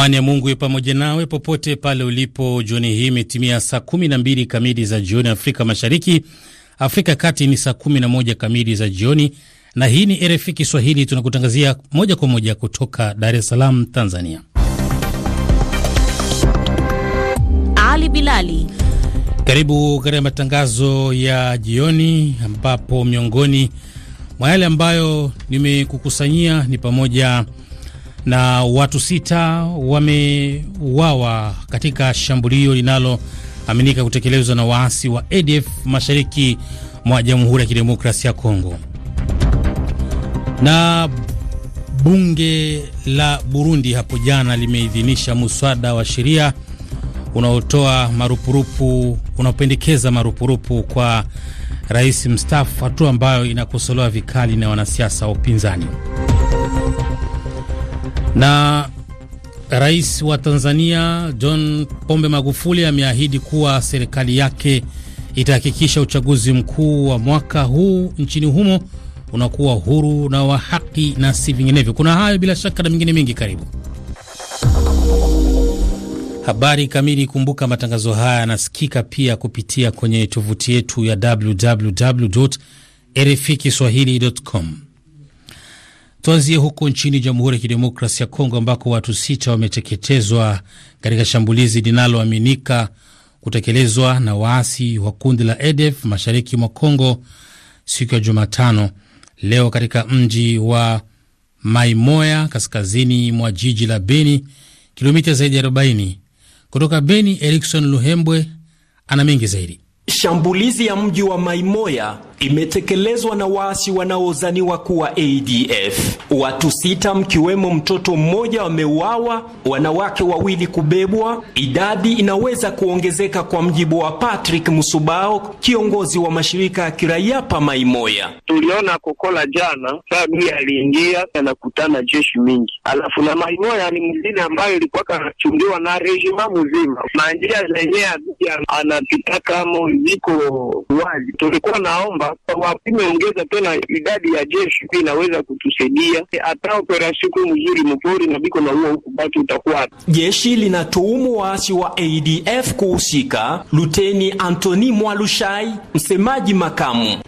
Amani ya Mungu iwe pamoja nawe popote pale ulipo. Jioni hii imetimia saa mbili kamili za jioni Afrika Mashariki, Afrika ya Kati ni saa moja kamili za jioni, na hii ni RFI Kiswahili. Tunakutangazia moja kwa moja kutoka Dar es Salaam, Tanzania. Ali Bilali, karibu katika matangazo ya jioni, ambapo miongoni mwa yale ambayo nimekukusanyia ni pamoja na watu sita wameuawa katika shambulio linaloaminika kutekelezwa na waasi wa ADF mashariki mwa Jamhuri ya Kidemokrasia ya Kongo. Na bunge la Burundi hapo jana limeidhinisha muswada wa sheria unaotoa marupurupu, unaopendekeza marupurupu kwa rais mstaafu, hatua ambayo inakosolewa vikali na wanasiasa wa upinzani. Na rais wa Tanzania John Pombe Magufuli ameahidi kuwa serikali yake itahakikisha uchaguzi mkuu wa mwaka huu nchini humo unakuwa huru na wa haki na si vinginevyo. Kuna hayo bila shaka na mengine mengi, karibu habari kamili. Kumbuka matangazo haya yanasikika pia kupitia kwenye tovuti yetu ya www RFI Kiswahili.com. Tuanzie huko nchini Jamhuri ya Kidemokrasi ya Kongo ambako watu sita wameteketezwa katika shambulizi linaloaminika kutekelezwa na waasi wa kundi la ADF mashariki mwa Kongo siku ya Jumatano leo katika mji wa Maimoya kaskazini mwa jiji la Beni, kilomita zaidi ya 40 kutoka Beni. Erikson Luhembwe ana mengi zaidi. Shambulizi ya mji wa Maimoya imetekelezwa na waasi wanaozaniwa kuwa ADF. Watu sita mkiwemo mtoto mmoja wameuawa, wanawake wawili kubebwa. Idadi inaweza kuongezeka kwa mjibu wa Patrick Musubao, kiongozi wa mashirika ya kiraia pa Maimoya. Tuliona Kokola jana sabi aliingia anakutana jeshi mingi, alafu na Maimoya ni mzini ambayo ilikuwa kanachungiwa na rejima mzima, manjia zenyewe anapita kama ziko wazi. Tulikuwa naomba wapime ongeza tena idadi ya jeshi, pia inaweza kutusaidia hata operasiku mzuri mpori na biko na huo huku batu utakuwa. Jeshi linatuhumu waasi wa ADF kuhusika. Luteni Anthony Mwalushai, msemaji makamu: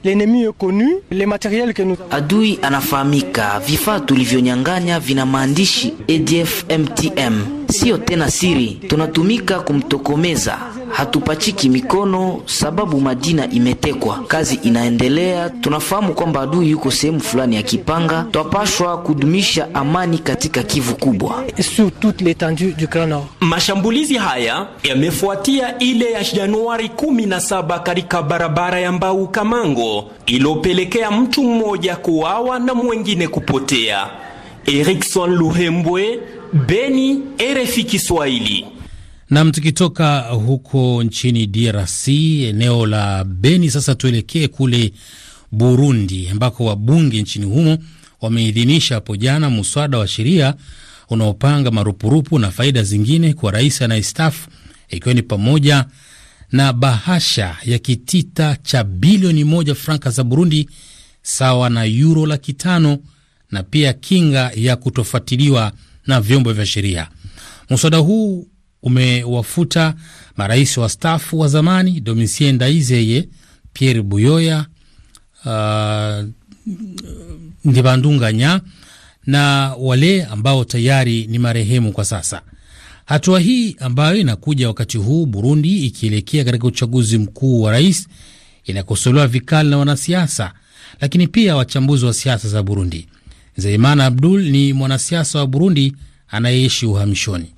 adui anafahamika, vifaa tulivyonyang'anya vina maandishi ADF MTM siyo tena siri, tunatumika kumtokomeza. Hatupachiki mikono sababu Madina imetekwa, kazi inaendelea. Tunafahamu kwamba adui yuko sehemu fulani ya Kipanga, twapashwa kudumisha amani katika Kivu kubwa. Mashambulizi haya yamefuatia ile ya Januari 17 katika barabara ya Mbau Kamango ilopelekea mtu mmoja kuawa na mwengine kupotea. Erikson Luhembwe Beni, RFI Kiswahili. Nam, tukitoka huko nchini DRC eneo la Beni, sasa tuelekee kule Burundi ambako wabunge nchini humo wameidhinisha hapo jana muswada wa sheria unaopanga marupurupu na faida zingine kwa rais anayestaafu ikiwa ni pamoja na bahasha ya kitita cha bilioni moja franka za Burundi sawa na yuro laki tano na pia kinga ya kutofuatiliwa na vyombo vya sheria. mswada huu umewafuta marais wastaafu wa zamani Domitien Ndayizeye, Pierre Buyoya, uh, Ndibandunganya na wale ambao tayari ni marehemu kwa sasa. Hatua hii ambayo inakuja wakati huu Burundi ikielekea katika uchaguzi mkuu wa rais inakosolewa vikali na wanasiasa, lakini pia wachambuzi wa siasa za Burundi. Zeimana Abdul ni mwanasiasa wa Burundi anayeishi uhamishoni.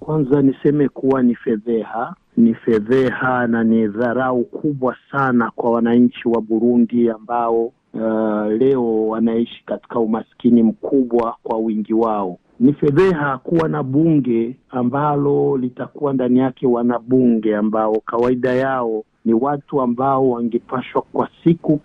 Kwanza niseme kuwa ni fedheha, ni fedheha na ni dharau kubwa sana kwa wananchi wa Burundi ambao Uh, leo wanaishi katika umaskini mkubwa kwa wingi wao. Ni fedheha kuwa na bunge ambalo litakuwa ndani yake wanabunge ambao kawaida yao ni watu ambao wangepashwa kwa siku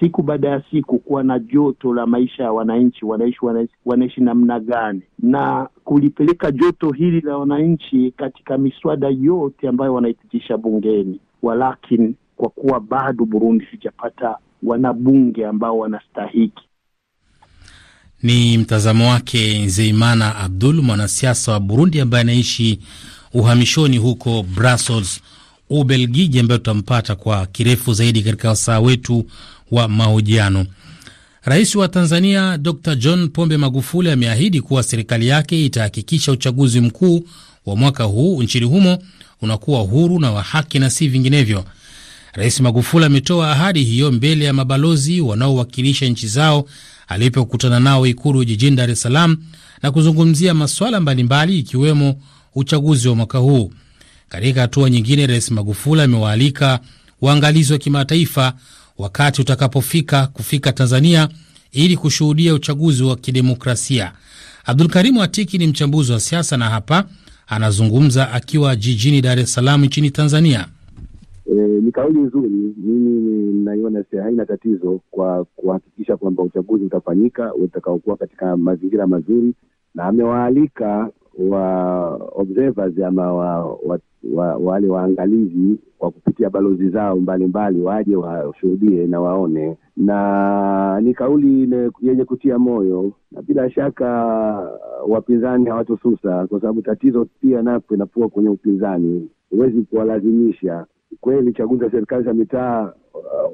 siku baada ya siku kuwa na joto la maisha ya wananchi, wanaishi wanaishi namna gani, na kulipeleka joto hili la wananchi katika miswada yote ambayo wanaipitisha bungeni. Walakini, kwa kuwa bado Burundi sijapata wanabunge ambao wanastahiki. Ni mtazamo wake Zeimana Abdul, mwanasiasa wa Burundi ambaye anaishi uhamishoni huko Brussels, Ubelgiji ambayo tutampata kwa kirefu zaidi katika wasaa wetu wa mahojiano. Rais wa Tanzania Dr John Pombe Magufuli ameahidi kuwa serikali yake itahakikisha uchaguzi mkuu wa mwaka huu nchini humo unakuwa huru na wa haki na si vinginevyo. Rais Magufuli ametoa ahadi hiyo mbele ya mabalozi wanaowakilisha nchi zao alipokutana nao Ikulu jijini Dar es Salaam na kuzungumzia masuala mbalimbali ikiwemo uchaguzi wa mwaka huu. Katika hatua nyingine, Rais Magufuli amewaalika waangalizi wa kimataifa wakati utakapofika kufika Tanzania ili kushuhudia uchaguzi wa kidemokrasia. Abdul Karimu Atiki ni mchambuzi wa siasa na hapa anazungumza akiwa jijini Dar es Salaam nchini Tanzania. E, ni kauli nzuri, mimi naiona haina tatizo kwa kuhakikisha kwamba uchaguzi utafanyika utakaokuwa katika mazingira mazuri, na amewaalika wa observers ama wa, wa, wa, wale waangalizi kwa kupitia balozi zao mbalimbali waje washuhudie na waone, na ni kauli yenye kutia moyo, na bila shaka uh, wapinzani hawatosusa, kwa sababu tatizo pia napo inakuwa kwenye upinzani, huwezi kuwalazimisha Kweli chaguzi za serikali za mitaa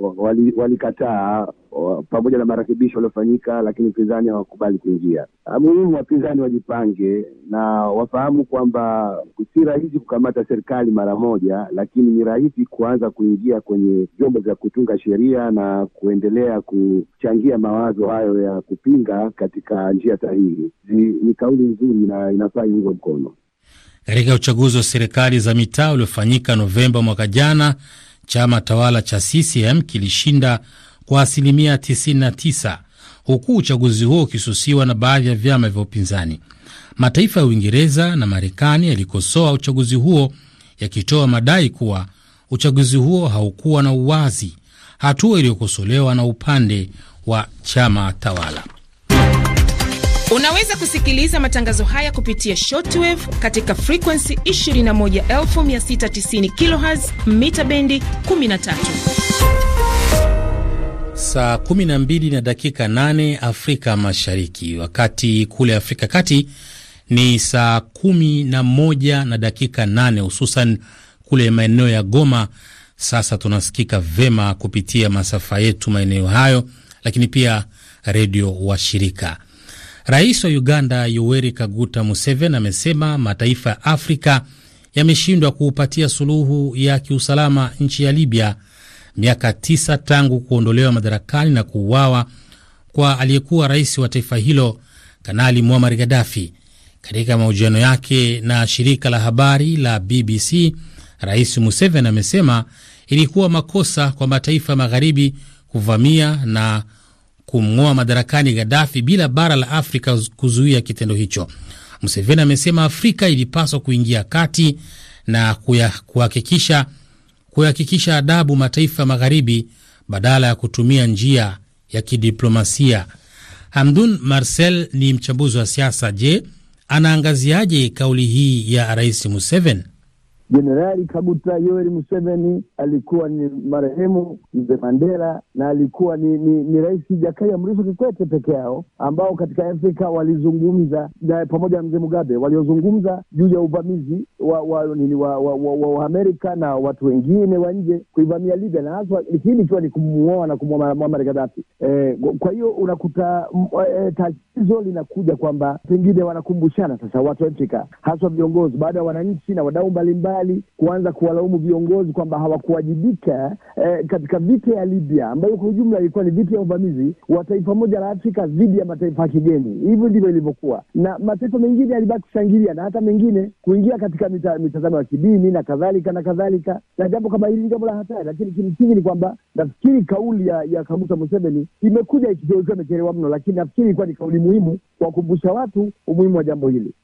uh, walikataa wali uh, pamoja na marekebisho waliofanyika, lakini upinzani hawakubali kuingia. Uh, muhimu wapinzani wajipange na wafahamu kwamba si rahisi kukamata serikali mara moja, lakini ni rahisi kuanza kuingia kwenye vyombo vya kutunga sheria na kuendelea kuchangia mawazo hayo ya kupinga katika njia sahihi. Ni kauli nzuri na inafaa iungwe mkono. Katika uchaguzi wa serikali za mitaa uliofanyika Novemba mwaka jana, chama tawala cha CCM kilishinda kwa asilimia 99 huku uchaguzi huo ukisusiwa na baadhi ya vyama vya upinzani. Mataifa ya Uingereza na Marekani yalikosoa uchaguzi huo yakitoa madai kuwa uchaguzi huo haukuwa na uwazi, hatua iliyokosolewa na upande wa chama tawala. Unaweza kusikiliza matangazo haya kupitia shortwave katika frequency 21690 kHz mita bendi 13. Saa 12 na dakika 8 Afrika Mashariki, wakati kule Afrika Kati ni saa 11 na na dakika 8, hususan kule maeneo ya Goma. Sasa tunasikika vema kupitia masafa yetu maeneo hayo, lakini pia redio shirika Rais wa Uganda Yoweri Kaguta Museveni amesema mataifa ya Afrika yameshindwa kuupatia suluhu ya kiusalama nchi ya Libya miaka tisa tangu kuondolewa madarakani na kuuawa kwa aliyekuwa rais wa taifa hilo Kanali Muammar Gaddafi. Katika mahojiano yake na shirika la habari la BBC, Rais Museveni amesema ilikuwa makosa kwa mataifa magharibi kuvamia na kumng'oa madarakani Gaddafi bila bara la Afrika kuzuia kitendo hicho. Museveni amesema Afrika ilipaswa kuingia kati na kuhakikisha kuhakikisha adabu mataifa magharibi badala ya kutumia njia ya kidiplomasia. Hamdun Marcel ni mchambuzi wa siasa. Je, anaangaziaje kauli hii ya Rais Museveni? Jenerali Kaguta Yoweri Museveni alikuwa ni marehemu mzee Mandela na alikuwa ni, ni, ni Rais Jakaya Mrisho Kikwete peke yao ambao katika Afrika walizungumza na pamoja na mzee Mugabe waliozungumza juu ya uvamizi wa wa, nini, wa, wa, wa, wa Amerika na watu wengine wa nje kuivamia Libya na haswa hii ikiwa ni kumuoa na kumua Muammar Gaddafi. E, kwa hiyo unakuta e, tatizo linakuja kwamba pengine wanakumbushana sasa watu Afrika haswa viongozi baada ya wananchi na wadau mbalimbali serikali kuanza kuwalaumu viongozi kwamba hawakuwajibika eh, katika vita ya Libya ambayo kwa ujumla ilikuwa ni vita ya uvamizi wa taifa moja la Afrika dhidi ya mataifa ya kigeni. Hivyo ndivyo ilivyokuwa, na mataifa mengine yalibaki kushangilia na hata mengine kuingia katika mitazamo mita ya kidini na kadhalika na kadhalika, na jambo kama hili ni jambo la hatari, lakini kimsingi ni kwamba nafikiri kauli ya, ya Kaguta Museveni imekuja ikiwa imechelewa mno, lakini nafikiri ilikuwa ni kauli muhimu kwa kukumbusha watu umuhimu wa jambo hili.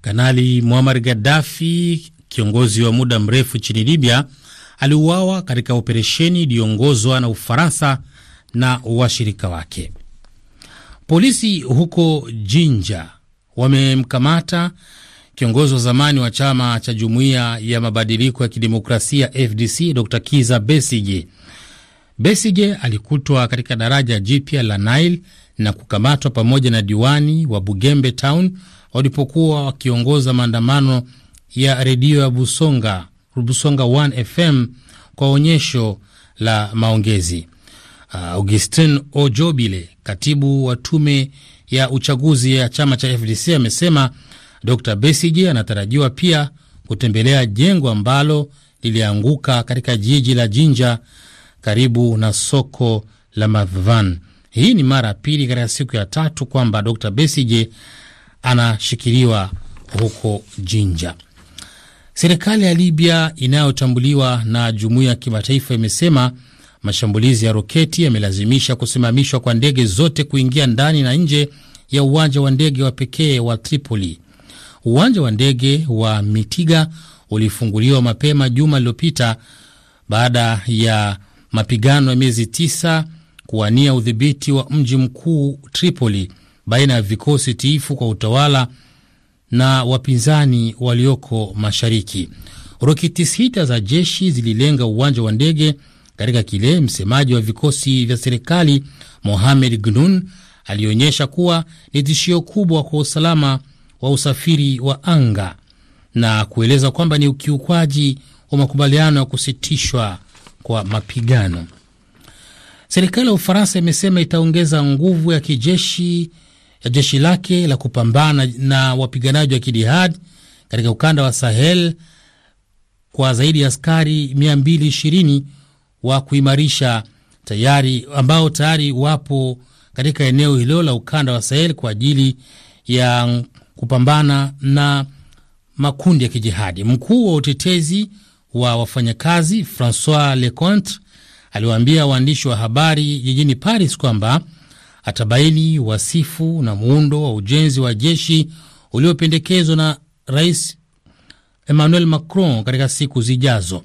Kanali Muammar Gaddafi kiongozi wa muda mrefu nchini Libya, aliuawa katika operesheni iliyoongozwa na Ufaransa na washirika wake. Polisi huko Jinja wamemkamata kiongozi wa zamani wa chama cha Jumuiya ya Mabadiliko ya Kidemokrasia FDC Dr Kiza Besige. Besige alikutwa katika daraja jipya la Nile na kukamatwa pamoja na diwani wa Bugembe Town walipokuwa wakiongoza maandamano ya redio ya Busonga, Busonga 1 FM kwa onyesho la maongezi. Uh, Augustin Ojobile, katibu wa tume ya uchaguzi ya chama cha FDC, amesema Dr Besije anatarajiwa pia kutembelea jengo ambalo lilianguka katika jiji la Jinja karibu na soko la Mavan. Hii ni mara ya pili katika siku ya tatu kwamba Dr Besije anashikiliwa huko Jinja. Serikali ya Libya inayotambuliwa na jumuiya ya kimataifa imesema mashambulizi ya roketi yamelazimisha kusimamishwa kwa ndege zote kuingia ndani na nje ya uwanja wa ndege wa pekee wa Tripoli. Uwanja wa ndege wa Mitiga ulifunguliwa mapema juma lililopita baada ya mapigano ya miezi tisa kuwania udhibiti wa mji mkuu Tripoli baina ya vikosi tiifu kwa utawala na wapinzani walioko mashariki. Roketi sita za jeshi zililenga uwanja wa ndege katika kile msemaji wa vikosi vya serikali Mohamed Gnun alionyesha kuwa ni tishio kubwa kwa usalama wa usafiri wa anga na kueleza kwamba ni ukiukwaji wa makubaliano ya kusitishwa kwa mapigano. Serikali ya Ufaransa imesema itaongeza nguvu ya kijeshi ya jeshi lake la kupambana na wapiganaji wa kidihad katika ukanda wa Sahel kwa zaidi ya askari 220 wa kuimarisha tayari ambao tayari wapo katika eneo hilo la ukanda wa Sahel kwa ajili ya kupambana na makundi ya kijihadi. Mkuu wa utetezi wa wafanyakazi Francois Leconte aliwaambia waandishi wa habari jijini Paris kwamba atabaini wasifu na muundo wa ujenzi wa jeshi uliopendekezwa na Rais Emmanuel Macron katika siku zijazo.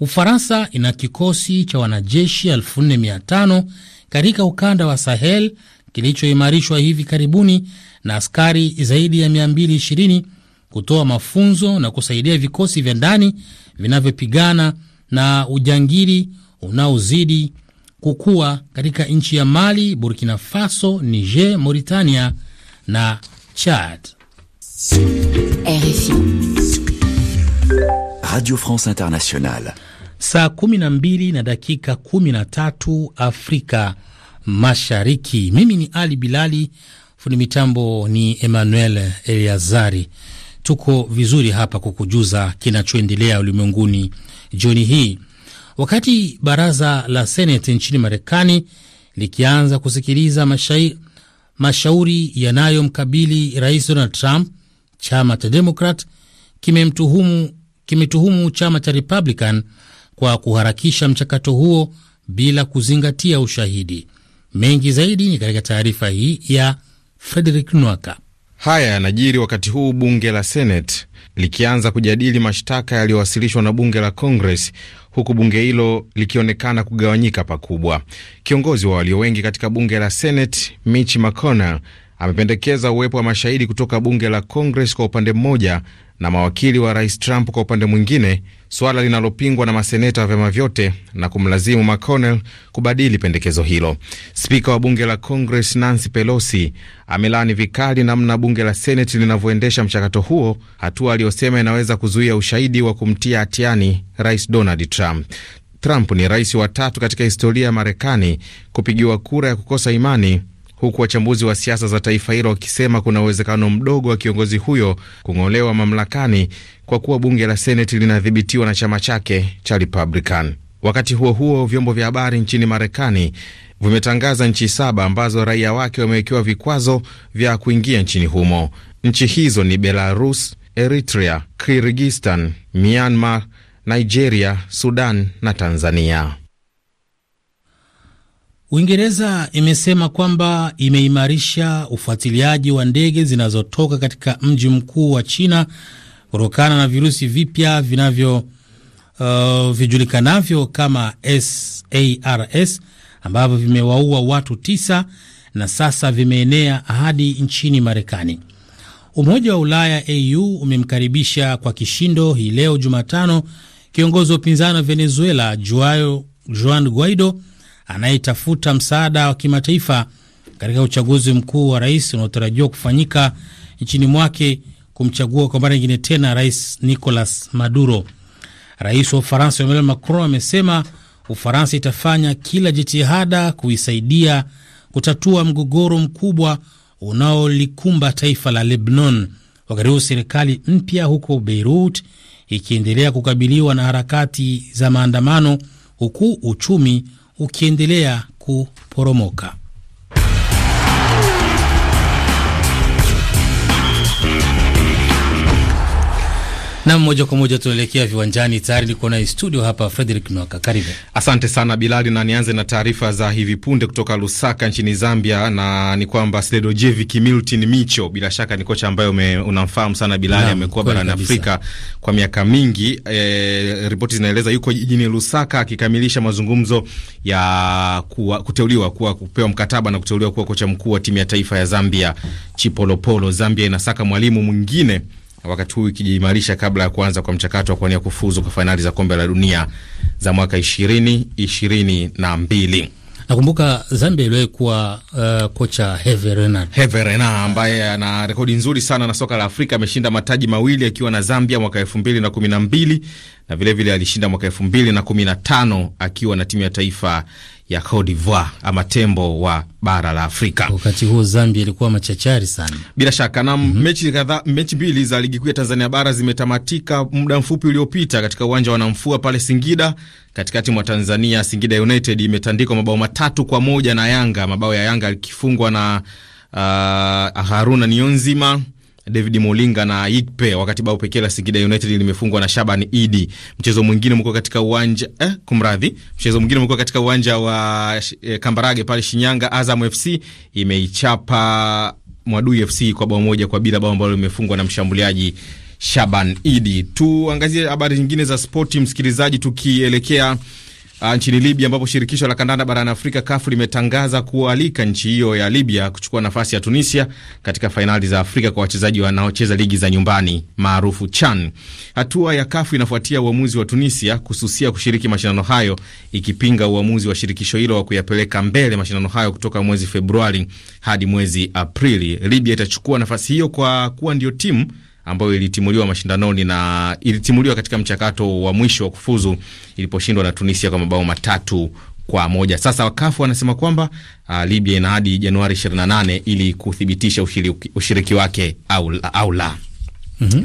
Ufaransa ina kikosi cha wanajeshi 4500 katika ukanda wa Sahel kilichoimarishwa hivi karibuni na askari zaidi ya 220 kutoa mafunzo na kusaidia vikosi vya ndani vinavyopigana na ujangili unaozidi kukua katika nchi ya Mali, Burkina Faso, Niger, Mauritania na Chad. RFI Radio France Internationale, saa 12 na dakika 13 Afrika Mashariki. Mimi ni Ali Bilali, fundi mitambo ni Emmanuel Eliazari. Tuko vizuri hapa kukujuza kinachoendelea ulimwenguni jioni hii. Wakati baraza la seneti nchini Marekani likianza kusikiliza mashai, mashauri yanayomkabili rais Donald Trump, chama cha Demokrat kimetuhumu kime chama cha Republican kwa kuharakisha mchakato huo bila kuzingatia ushahidi. Mengi zaidi ni katika taarifa hii ya Frederick Nwaka. Haya yanajiri wakati huu bunge la Senate likianza kujadili mashtaka yaliyowasilishwa na bunge la Kongres, huku bunge hilo likionekana kugawanyika pakubwa. Kiongozi wa walio wengi katika bunge la Senate Mitch McConnell amependekeza uwepo wa mashahidi kutoka bunge la Kongres kwa upande mmoja na mawakili wa rais Trump kwa upande mwingine, suala linalopingwa na maseneta wa vyama vyote na kumlazimu McConnell kubadili pendekezo hilo. Spika wa bunge la Congress Nancy Pelosi amelaani vikali namna bunge la Seneti linavyoendesha mchakato huo, hatua aliyosema inaweza kuzuia ushahidi wa kumtia hatiani rais Donald Trump. Trump ni rais wa tatu katika historia ya Marekani kupigiwa kura ya kukosa imani huku wachambuzi wa siasa za taifa hilo wakisema kuna uwezekano mdogo wa kiongozi huyo kung'olewa mamlakani kwa kuwa bunge la Seneti linadhibitiwa na chama chake cha Republican. Wakati huo huo, vyombo vya habari nchini Marekani vimetangaza nchi saba ambazo raia wake wamewekewa vikwazo vya kuingia nchini humo. Nchi hizo ni Belarus, Eritrea, Kirgistan, Myanmar, Nigeria, Sudan na Tanzania. Uingereza imesema kwamba imeimarisha ufuatiliaji wa ndege zinazotoka katika mji mkuu wa China kutokana na virusi vipya vinavyo uh, vijulikanavyo kama SARS ambavyo vimewaua watu tisa na sasa vimeenea hadi nchini Marekani. Umoja wa Ulaya AU umemkaribisha kwa kishindo hii leo Jumatano kiongozi wa upinzani wa Venezuela Juan Guaido anayetafuta msaada wa kimataifa katika uchaguzi mkuu wa rais unaotarajiwa kufanyika nchini mwake kumchagua kwa mara nyingine tena Rais Nicolas Maduro. Rais wa Ufaransa Emmanuel Macron amesema Ufaransa itafanya kila jitihada kuisaidia kutatua mgogoro mkubwa unaolikumba taifa la Lebanon, wakati huu serikali mpya huko Beirut ikiendelea kukabiliwa na harakati za maandamano, huku uchumi ukiendelea kuporomoka. Na moja kwa moja tuelekea viwanjani, tayari niko naye studio hapa Frederick Noka, karibu. Asante sana Bilali, na nianze na taarifa za hivi punde kutoka Lusaka nchini Zambia, na ni kwamba Sredojevic Milton Micho, bila shaka ni kocha ambaye unamfahamu sana Bilali, amekuwa barani Afrika kwa miaka mingi. E, ripoti zinaeleza yuko jijini Lusaka akikamilisha mazungumzo ya kuwa, kuteuliwa kuwa kupewa mkataba na kuteuliwa kuwa kocha mkuu wa timu ya taifa ya Zambia Chipolopolo. Zambia inasaka mwalimu mwingine wakati huu ikijiimarisha kabla ya kuanza kwa mchakato wa kuania kufuzu kwa fainali za kombe la dunia za mwaka ishirini ishirini na mbili. Nakumbuka Zambia iliwahi kuwa uh, kocha Herve Renard. Herve Renard ambaye ana rekodi nzuri sana na soka la Afrika, ameshinda mataji mawili akiwa na Zambia mwaka elfu mbili na kumi na mbili na vilevile alishinda mwaka elfu mbili na kumi na tano akiwa na timu ya taifa ya Cote d'Ivoire ama tembo wa bara la Afrika. Wakati huo Zambia ilikuwa machachari sana, bila shaka na mm -hmm. mechi kadhaa, mechi mbili za ligi kuu ya Tanzania bara zimetamatika muda mfupi uliopita katika uwanja wa Namfua pale Singida, katikati mwa Tanzania. Singida United imetandikwa mabao matatu kwa moja na Yanga, mabao ya Yanga alikifungwa na uh, Haruna Nionzima David Molinga na Ikpe, wakati bao pekee la Singida United limefungwa na Shaban Idi. Mchezo mwingine umekuwa katika uwanja eh, kumradhi, mchezo mwingine umekuwa katika uwanja wa eh, Kambarage pale Shinyanga. Azam FC imeichapa Mwadui FC kwa bao moja kwa bila, bao ambalo limefungwa na mshambuliaji Shaban Idi. Tuangazie habari nyingine za spoti, msikilizaji, tukielekea uh, nchini Libya ambapo shirikisho la kandanda barani Afrika CAF limetangaza kualika nchi hiyo ya Libya kuchukua nafasi ya Tunisia katika fainali za Afrika kwa wachezaji wanaocheza ligi za nyumbani maarufu CHAN. Hatua ya CAF inafuatia uamuzi wa Tunisia kususia kushiriki mashindano hayo, ikipinga uamuzi wa shirikisho hilo wa kuyapeleka mbele mashindano hayo kutoka mwezi Februari hadi mwezi Aprili. Libya itachukua nafasi hiyo kwa kuwa ndio timu ambayo ilitimuliwa mashindanoni na ilitimuliwa katika mchakato wa mwisho wa kufuzu iliposhindwa na Tunisia kwa mabao matatu kwa moja. Sasa wakafu wanasema kwamba uh, Libya ina hadi Januari 28 ili kuthibitisha ushiriki, ushiriki wake au, au la. Mm -hmm.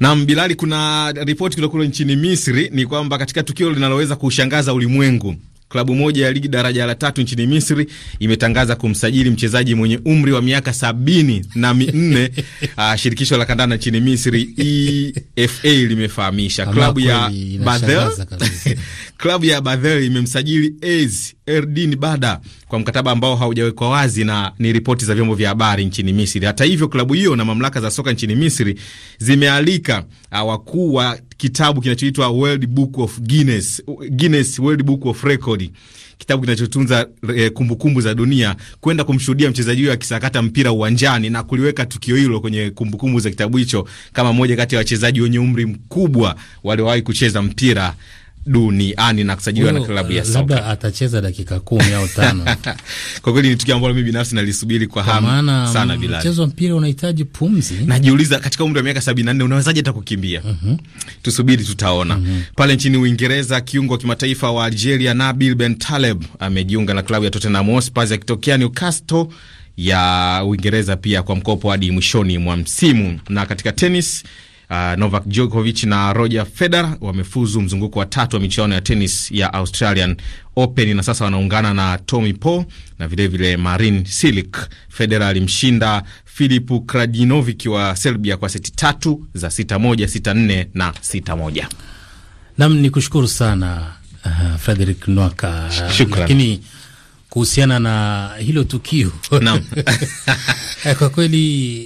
Na Bilali, kuna ripoti kutoka nchini Misri ni kwamba katika tukio linaloweza kushangaza ulimwengu klabu moja ya ligi daraja la tatu nchini Misri imetangaza kumsajili mchezaji mwenye umri wa miaka sabini na minne. Uh, shirikisho la kandanda nchini Misri EFA limefahamisha klabu ya Bathel klabu ya Bathel imemsajili AZ Erdin Bada kwa mkataba ambao haujawekwa wazi na ni ripoti za vyombo vya habari nchini Misri. Hata hivyo, klabu hiyo na mamlaka za soka nchini Misri zimealika ah, wakuu wa kitabu kinachoitwa World Book of Guinness, Guinness World Book of Record, kitabu kinachotunza e, kumbukumbu za dunia, kwenda kumshuhudia mchezaji huyo akisakata mpira uwanjani na kuliweka tukio hilo kwenye kumbukumbu za kitabu hicho kama moja kati ya wachezaji wenye umri mkubwa waliowahi kucheza mpira duniani na kusajiliwa na klabu ya uh, soka. Labda atacheza dakika kumi au tano. Kwa kweli ni tukio ambalo mimi binafsi nalisubiri kwa hamu sana. Mm, Bila mchezo wa mpira unahitaji pumzi, najiuliza katika umri wa miaka sabini na nne unawezaje hata kukimbia? uh mhm. -huh. Tusubiri tutaona. uh mhm. -huh. Pale nchini Uingereza, kiungo wa kimataifa wa Algeria Nabil Bentaleb amejiunga na klabu ya Tottenham Hotspur akitokea Newcastle ya Uingereza pia kwa mkopo hadi mwishoni mwa msimu. Na katika tenis Uh, Novak Djokovic na Roger Federer wamefuzu mzunguko wa tatu wa michuano ya tenis ya Australian Open na sasa wanaungana na Tommy Paul na vilevile vile Marin Cilic. Federer alimshinda Filip Krajinovic wa Serbia kwa seti tatu za sita moja, sita nne na sita moja. Nam ni kushukuru sana uh, Frederick Nwaka lakini kuhusiana na hilo tukio eh, kwa kweli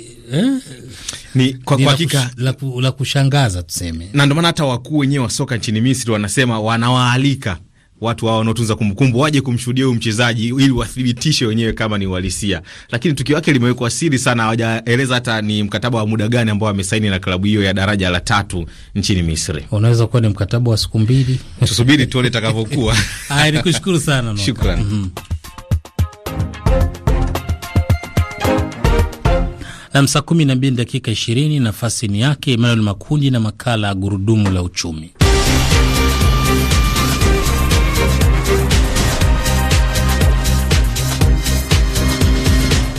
ni kwa kwa hakika la, kush, la kushangaza tuseme, na ndio maana hata wakuu wenyewe wa soka nchini Misri wanasema wanawaalika watu hao wanaotunza kumbukumbu waje kumshuhudia huyu mchezaji ili wathibitishe wenyewe kama ni uhalisia, lakini tukio lake limewekwa siri sana, hawajaeleza hata ni mkataba wa muda gani ambao amesaini na klabu hiyo ya daraja la tatu nchini Misri. Unaweza kuwa ni mkataba wa siku mbili, tusubiri tuone itakavyokuwa. Haya, nikushukuru sana, shukrani. Mhm. Saa 12 dakika 20, nafasi ni yake Emmanuel Makundi na makala ya gurudumu la uchumi.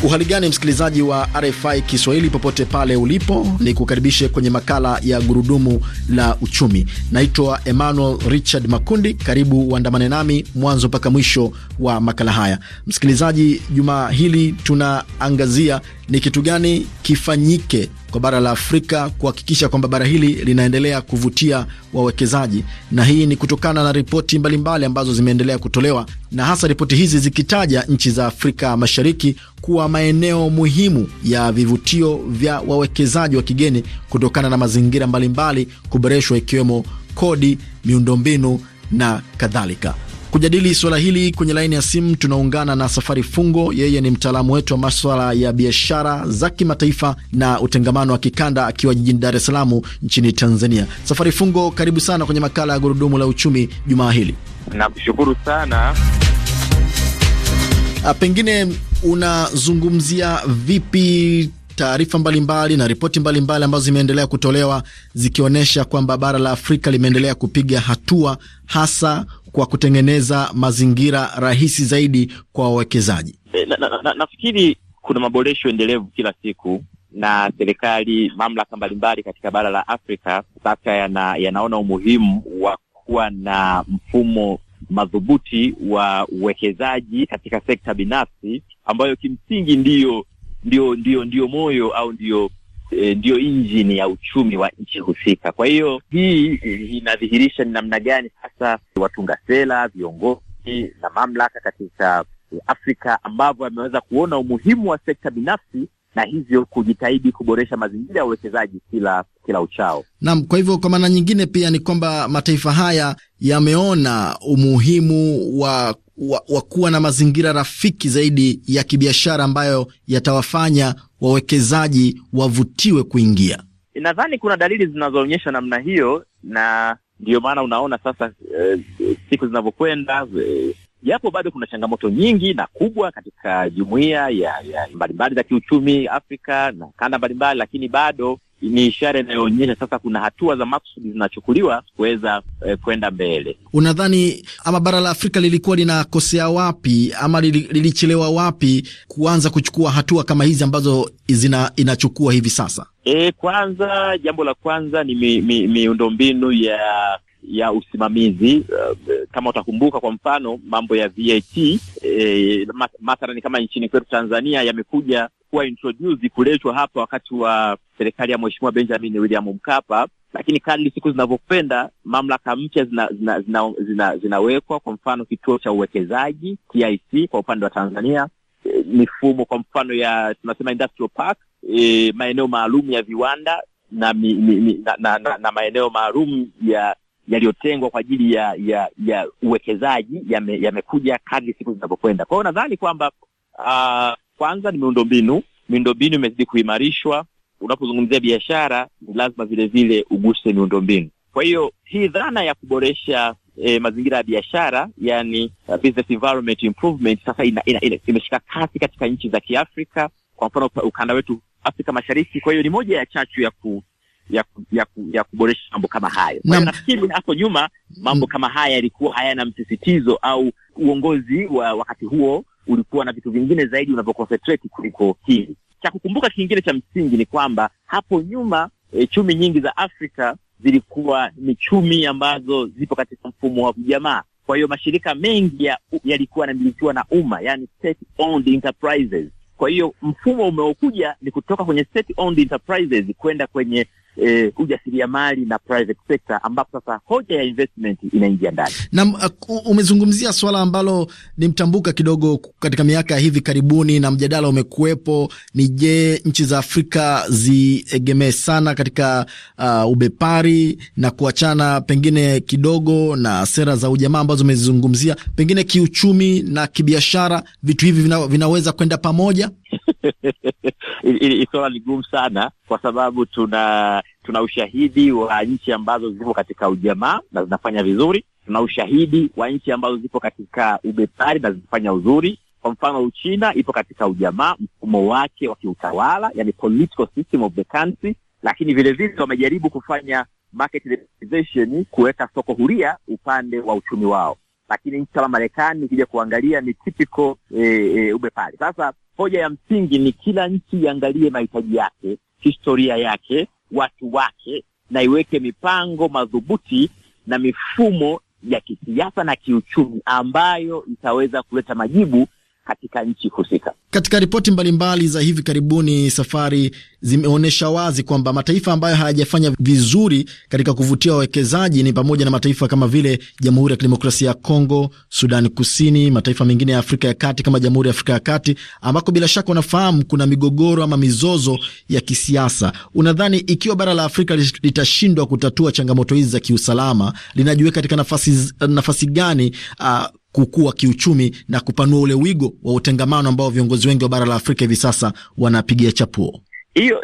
Uhali gani msikilizaji wa RFI Kiswahili popote pale ulipo, ni kukaribishe kwenye makala ya gurudumu la uchumi. Naitwa Emmanuel Richard Makundi. Karibu uandamane nami mwanzo mpaka mwisho wa makala haya. Msikilizaji, juma hili tunaangazia ni kitu gani kifanyike kwa bara la Afrika kuhakikisha kwamba bara hili linaendelea kuvutia wawekezaji, na hii ni kutokana na ripoti mbalimbali ambazo zimeendelea kutolewa, na hasa ripoti hizi zikitaja nchi za Afrika Mashariki kuwa maeneo muhimu ya vivutio vya wawekezaji wa kigeni kutokana na mazingira mbalimbali kuboreshwa, ikiwemo kodi, miundombinu na kadhalika. Kujadili suala hili kwenye laini ya simu tunaungana na Safari Fungo. Yeye ni mtaalamu wetu wa maswala ya biashara za kimataifa na utengamano wa kikanda, akiwa jijini Dar es Salaam nchini Tanzania. Safari Fungo, karibu sana kwenye makala ya Gurudumu la Uchumi jumaa hili. Nakushukuru sana. A, ah, pengine unazungumzia vipi taarifa mbalimbali na ripoti mbalimbali ambazo zimeendelea kutolewa zikionyesha kwamba bara la Afrika limeendelea kupiga hatua hasa kwa kutengeneza mazingira rahisi zaidi kwa wawekezaji. Nafikiri eh, na, na, na, kuna maboresho endelevu kila siku na serikali, mamlaka mbalimbali katika bara la Afrika sasa yana, yanaona umuhimu wa kuwa na mfumo madhubuti wa uwekezaji katika sekta binafsi ambayo kimsingi ndiyo ndio ndio ndio moyo au ndio E, eh, ndiyo injini ya uchumi wa nchi husika. Kwa hiyo hii eh, inadhihirisha ni namna gani sasa watunga sera, viongozi na mamlaka katika Afrika ambavyo wameweza kuona umuhimu wa sekta binafsi na hivyo kujitahidi kuboresha mazingira ya uwekezaji kila kila uchao. Naam, kwa hivyo kwa maana nyingine pia ni kwamba mataifa haya yameona umuhimu wa wa, wa kuwa na mazingira rafiki zaidi ya kibiashara ambayo yatawafanya wawekezaji wavutiwe kuingia. Nadhani kuna dalili zinazoonyesha namna hiyo, na ndiyo maana unaona sasa e, siku zinavyokwenda eh, japo bado kuna changamoto nyingi na kubwa katika jumuiya ya, ya mbalimbali za kiuchumi Afrika na kanda mbalimbali, lakini bado ni ishara inayoonyesha sasa kuna hatua za makusudi zinachukuliwa kuweza eh, kwenda mbele. Unadhani ama bara la Afrika lilikuwa linakosea wapi ama lilichelewa wapi kuanza kuchukua hatua kama hizi ambazo zina, inachukua hivi sasa? E, kwanza jambo la kwanza ni miundombinu mi, mi ya ya usimamizi. Eh, kama utakumbuka kwa mfano mambo ya VAT e, eh, mathalani kama nchini kwetu Tanzania yamekuja kuwa introduce kuletwa hapa wakati wa serikali ya Mheshimiwa Benjamin William Mkapa, lakini kadri siku zinavyokwenda mamlaka mpya zinawekwa zina, zina, zina, zina. Kwa mfano kituo cha uwekezaji TIC kwa upande wa Tanzania, e, mifumo kwa mfano ya tunasema industrial park, e, maeneo maalum ya viwanda na, mi, mi, na, na, na, na maeneo maalum ya yaliyotengwa kwa ajili ya ya ya uwekezaji yamekuja me, ya kadri siku zinavyokwenda. Kwa hiyo nadhani kwamba uh, kwanza ni miundombinu, miundombinu imezidi kuimarishwa. Unapozungumzia biashara, ni lazima vile vile uguse miundombinu. Kwa hiyo hii dhana ya kuboresha E, mazingira ya biashara yani, uh, business environment improvement sasa ina, ina, ina, imeshika kasi katika nchi za Kiafrika, kwa mfano ukanda wetu Afrika Mashariki. Kwa hiyo ni moja ya chachu ya ku, ya, ku, ya, ku, ya kuboresha mambo kama hayo. Kwa hiyo nafikiri hapo nyuma mambo kama haya yalikuwa hayana msisitizo au uongozi wa wakati huo ulikuwa na vitu vingine zaidi unavyoconcentrate kuliko hili. Cha kukumbuka kingine cha msingi ni kwamba hapo nyuma e, chumi nyingi za Afrika zilikuwa ni chumi ambazo zipo katika mfumo wa ujamaa. Kwa hiyo mashirika mengi yalikuwa ya yanamilikiwa na umma, yani state owned enterprises. Kwa hiyo mfumo umeokuja ni kutoka kwenye state owned enterprises kwenda kwenye eh, ujasiriamali na private sector, ambapo sasa hoja ya investment inaingia ndani. Na uh, umezungumzia swala ambalo ni mtambuka kidogo katika miaka ya hivi karibuni, na mjadala umekuwepo ni je, nchi za Afrika ziegemee sana katika uh, ubepari na kuachana pengine kidogo na sera za ujamaa ambazo umezizungumzia, pengine kiuchumi na kibiashara, vitu hivi vina, vinaweza kwenda pamoja ili ni gumu sana, kwa sababu tuna tuna ushahidi wa nchi ambazo zipo katika ujamaa na zinafanya vizuri. Tuna ushahidi wa nchi ambazo zipo katika ubepari na zinafanya uzuri. Kwa mfano, Uchina ipo katika ujamaa, mfumo wake wa kiutawala, yani political system of the country, lakini vilevile wamejaribu kufanya market kuweka soko huria upande wa uchumi wao lakini nchi kama Marekani ukija kuangalia ni typical e, e, ubepari. Sasa hoja ya msingi ni kila nchi iangalie mahitaji yake, historia yake, watu wake, na iweke mipango madhubuti na mifumo ya kisiasa na kiuchumi ambayo itaweza kuleta majibu katika nchi husika. Katika ripoti mbalimbali za hivi karibuni, safari zimeonyesha wazi kwamba mataifa ambayo hayajafanya vizuri katika kuvutia wawekezaji ni pamoja na mataifa kama vile Jamhuri ya Kidemokrasia ya Kongo, Sudani Kusini, mataifa mengine ya Afrika ya Kati kama Jamhuri ya Afrika ya Kati, ambako bila shaka unafahamu kuna migogoro ama mizozo ya kisiasa. Unadhani ikiwa bara la Afrika litashindwa kutatua changamoto hizi za kiusalama, linajiweka katika nafasi, nafasi gani uh, kukua kiuchumi na kupanua ule wigo wa utengamano ambao viongozi wengi wa bara la Afrika hivi sasa wanapigia chapuo. Hiyo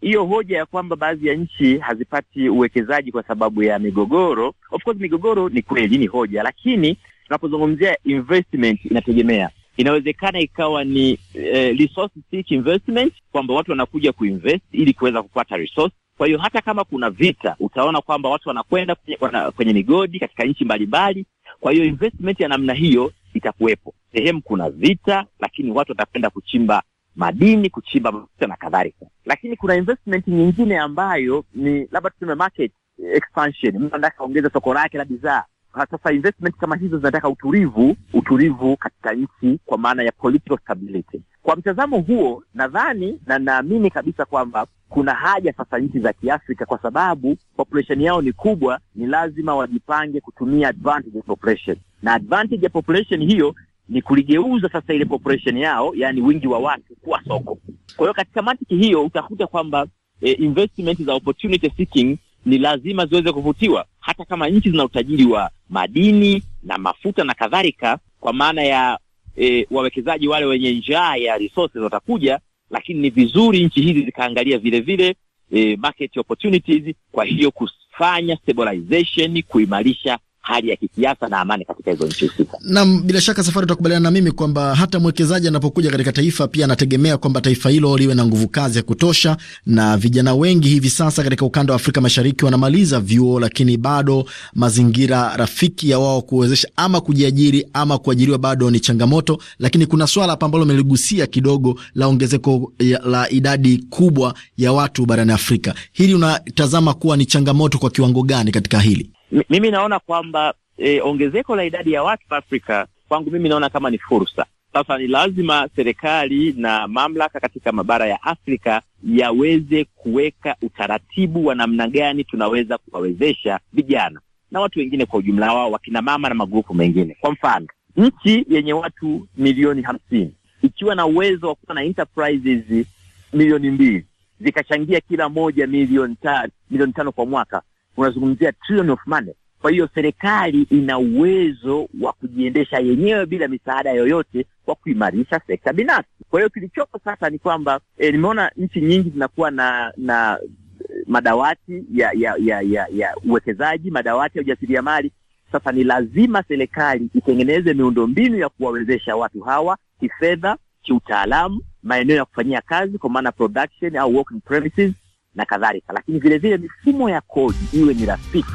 hiyo hoja ya kwamba baadhi ya nchi hazipati uwekezaji kwa sababu ya migogoro, of course migogoro ni kweli, ni hoja, lakini tunapozungumzia investment inategemea inawezekana ikawa ni eh, resource seek investment, kwamba watu wanakuja kuinvest ili kuweza kupata resource. Kwa hiyo hata kama kuna vita, utaona kwamba watu wanakwenda kwenye, kwenye migodi katika nchi mbalimbali kwa hiyo investment ya namna hiyo itakuwepo sehemu, kuna vita, lakini watu watapenda kuchimba madini, kuchimba mafuta na kadhalika. Lakini kuna investment nyingine ambayo ni labda tuseme market expansion, mtu anataka kuongeza soko lake la bidhaa. Sasa investment kama hizo zinataka utulivu, utulivu katika nchi, kwa maana ya political stability. Kwa mtazamo huo, nadhani na naamini kabisa kwamba kuna haja sasa nchi za Kiafrika, kwa sababu population yao ni kubwa, ni lazima wajipange kutumia advantage population, na advantage ya population hiyo ni kuligeuza sasa ile population yao, yaani wingi wa watu kuwa soko. Kwa hiyo katika mantiki hiyo utakuta kwamba e, investment za opportunity seeking ni lazima ziweze kuvutiwa, hata kama nchi zina utajiri wa madini na mafuta na kadhalika, kwa maana ya e, wawekezaji wale wenye njaa ya resources watakuja lakini ni vizuri nchi hizi zikaangalia vile vile eh, market opportunities, kwa hiyo kufanya stabilization, kuimarisha hali ya kisiasa na amani katika hizo nchi husika. Naam, bila shaka Safari, utakubaliana na mimi kwamba hata mwekezaji anapokuja katika taifa pia anategemea kwamba taifa hilo liwe na nguvu kazi ya kutosha, na vijana wengi hivi sasa katika ukanda wa Afrika Mashariki wanamaliza vyuo, lakini bado mazingira rafiki ya wao kuwezesha ama kujiajiri ama kuajiriwa bado ni changamoto. Lakini kuna swala hapa ambalo umeligusia kidogo la ongezeko la idadi kubwa ya watu barani Afrika, hili unatazama kuwa ni changamoto kwa kiwango gani katika hili? mimi naona kwamba e, ongezeko la idadi ya watu Afrika kwangu mimi naona kama ni fursa. Sasa ni lazima serikali na mamlaka katika mabara ya Afrika yaweze kuweka utaratibu wa namna gani tunaweza kuwawezesha vijana na watu wengine kwa ujumla wao, wakina mama na magrupu mengine. Kwa mfano, nchi yenye watu milioni hamsini ikiwa na uwezo wa kuwa na enterprises milioni mbili zikachangia kila moja milioni ta, milioni tano kwa mwaka unazungumzia trillion of money. Kwa hiyo serikali ina uwezo wa kujiendesha yenyewe bila misaada yoyote kwa kuimarisha sekta binafsi. Kwa hiyo kilichopo sasa ni kwamba e, nimeona nchi nyingi zinakuwa na na eh, madawati ya ya ya ya, ya uwekezaji, madawati ya ujasiriamali. Sasa ni lazima serikali itengeneze miundombinu ya kuwawezesha watu hawa kifedha, kiutaalamu, maeneo ya kufanyia kazi, kwa maana production au working premises na kadhalika, lakini vilevile mifumo ya kodi iwe ni rafiki.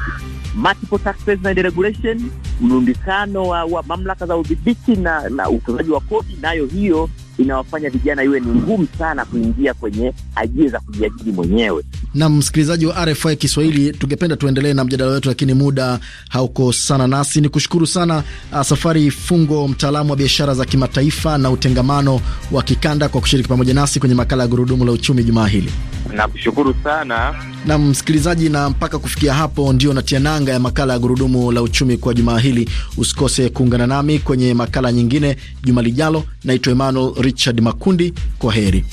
Multiple and regulation, mrundikano wa, wa mamlaka za udhibiti na, na utozaji wa kodi, nayo hiyo inawafanya vijana iwe ni ngumu sana kuingia kwenye ajira za kujiajiri mwenyewe. Na msikilizaji wa RFI Kiswahili, tungependa tuendelee na mjadala wetu, lakini muda hauko sana nasi. Ni kushukuru sana uh, Safari Fungo, mtaalamu wa biashara za kimataifa na utengamano wa kikanda, kwa kushiriki pamoja nasi kwenye makala ya Gurudumu la Uchumi jumaa hili. Nakushukuru sana na msikilizaji, na mpaka kufikia hapo ndio natia nanga ya makala ya gurudumu la uchumi kwa jumaa hili. Usikose kuungana nami kwenye makala nyingine juma lijalo. Naitwa Emmanuel Richard Makundi, kwa heri.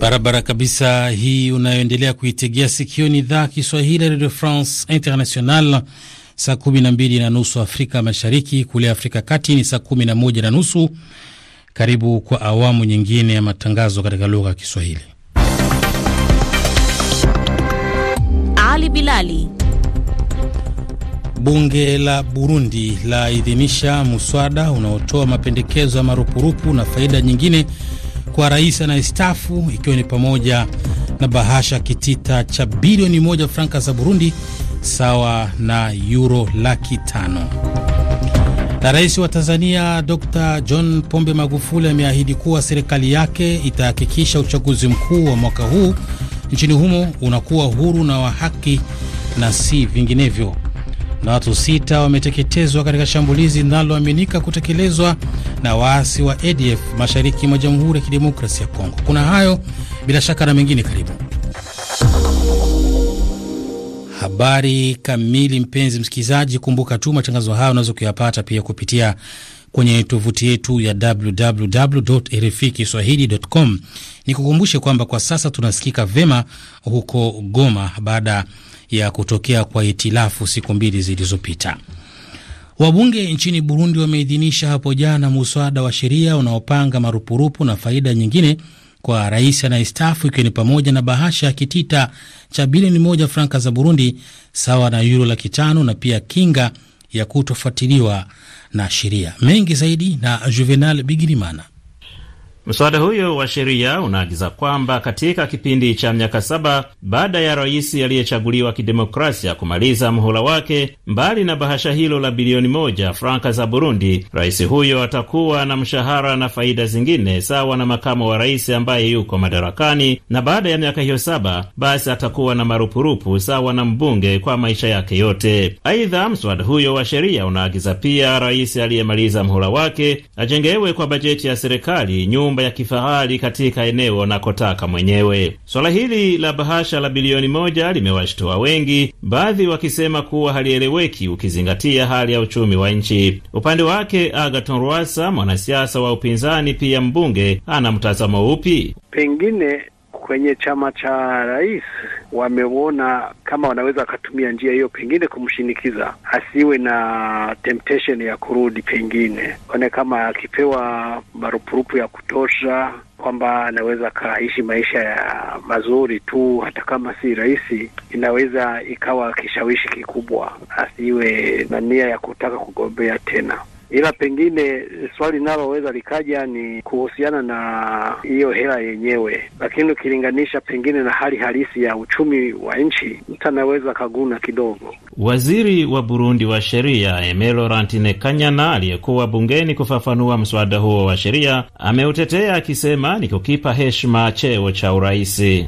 Barabara kabisa hii unayoendelea kuitegea sikio ni idhaa Kiswahili ya Radio France International. Saa 12 na nusu Afrika Mashariki, kule Afrika Kati ni saa 11 na nusu. Karibu kwa awamu nyingine ya matangazo katika lugha ya Kiswahili. Ali Bilali. Bunge la Burundi laidhinisha muswada unaotoa mapendekezo ya marupurupu na faida nyingine kwa rais anayestafu ikiwa ni pamoja na bahasha kitita cha bilioni moja franka za Burundi sawa na euro laki tano. Na rais wa Tanzania Dr. John Pombe Magufuli ameahidi kuwa serikali yake itahakikisha uchaguzi mkuu wa mwaka huu nchini humo unakuwa huru na wa haki na si vinginevyo na watu sita wameteketezwa katika shambulizi linaloaminika kutekelezwa na waasi wa ADF mashariki mwa Jamhuri ya Kidemokrasia ya Kongo. Kuna hayo bila shaka na mengine, karibu habari kamili. Mpenzi msikilizaji, kumbuka tu matangazo hayo unaweza kuyapata pia kupitia kwenye tovuti yetu ya www RFI kiswahili.com. Nikukumbushe kwamba kwa sasa tunasikika vema huko Goma baada ya kutokea kwa itilafu siku mbili zilizopita. Wabunge nchini Burundi wameidhinisha hapo jana muswada wa sheria unaopanga marupurupu na faida nyingine kwa rais anayestaafu ikiwa ni pamoja na bahasha ya kitita cha bilioni moja franka za Burundi sawa na yuro laki tano na pia kinga ya kutofuatiliwa na sheria. Mengi zaidi na Juvenal Bigirimana. Mswada huyo wa sheria unaagiza kwamba katika kipindi cha miaka saba baada ya rais aliyechaguliwa kidemokrasia kumaliza mhula wake, mbali na bahasha hilo la bilioni moja franka za Burundi, rais huyo atakuwa na mshahara na faida zingine sawa na makamu wa rais ambaye yuko madarakani, na baada ya miaka hiyo saba basi atakuwa na marupurupu sawa na mbunge kwa maisha yake yote. Aidha, mswada huyo wa sheria unaagiza pia rais aliyemaliza mhula wake ajengewe kwa bajeti ya serikali nyumba nyumba ya kifahari katika eneo anakotaka mwenyewe. Swala hili la bahasha la bilioni moja limewashitoa wengi, baadhi wakisema kuwa halieleweki ukizingatia hali ya uchumi wa nchi. Upande wake, agaton Rwasa, mwanasiasa wa upinzani pia mbunge, ana mtazamo upi? Pengine kwenye chama cha rais wamewona kama wanaweza wakatumia njia hiyo, pengine kumshinikiza asiwe na temptation ya kurudi, pengine one kama akipewa marupurupu ya kutosha kwamba anaweza akaishi maisha ya mazuri tu hata kama si rahisi, inaweza ikawa kishawishi kikubwa asiwe na nia ya kutaka kugombea tena ila pengine swali linaloweza likaja ni kuhusiana na hiyo hela yenyewe, lakini ukilinganisha pengine na hali halisi ya uchumi wa nchi, mtu anaweza kaguna kidogo. Waziri wa Burundi wa sheria Aime Laurentine Kanyana aliyekuwa bungeni kufafanua mswada huo wa sheria ameutetea akisema ni kukipa heshima cheo cha uraisi.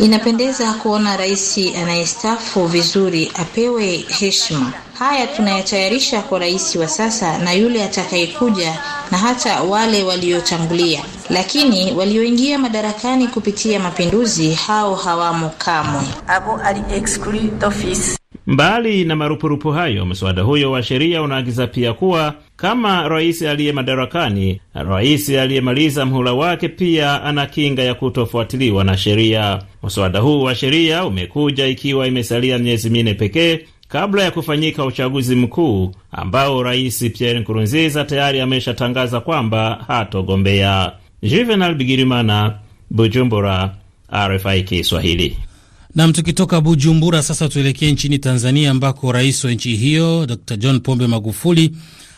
Inapendeza kuona rais anayestafu vizuri apewe heshima mzima. Haya tunayatayarisha kwa rais wa sasa na yule atakayekuja na hata wale waliotangulia, lakini walioingia madarakani kupitia mapinduzi, hao hawamo kamwe. Mbali na marupurupu hayo, mswada huyo wa sheria unaagiza pia kuwa kama rais aliye madarakani, rais aliyemaliza mhula wake pia ana kinga ya kutofuatiliwa na sheria. Mswada huu wa sheria umekuja ikiwa imesalia miezi minne pekee kabla ya kufanyika uchaguzi mkuu ambao Rais Pierre Nkurunziza tayari ameshatangaza kwamba hatogombea. Juvenal Bigirimana, Bujumbura, RFI Kiswahili. Nam, tukitoka Bujumbura sasa tuelekee nchini Tanzania ambako rais wa nchi hiyo Dr John Pombe Magufuli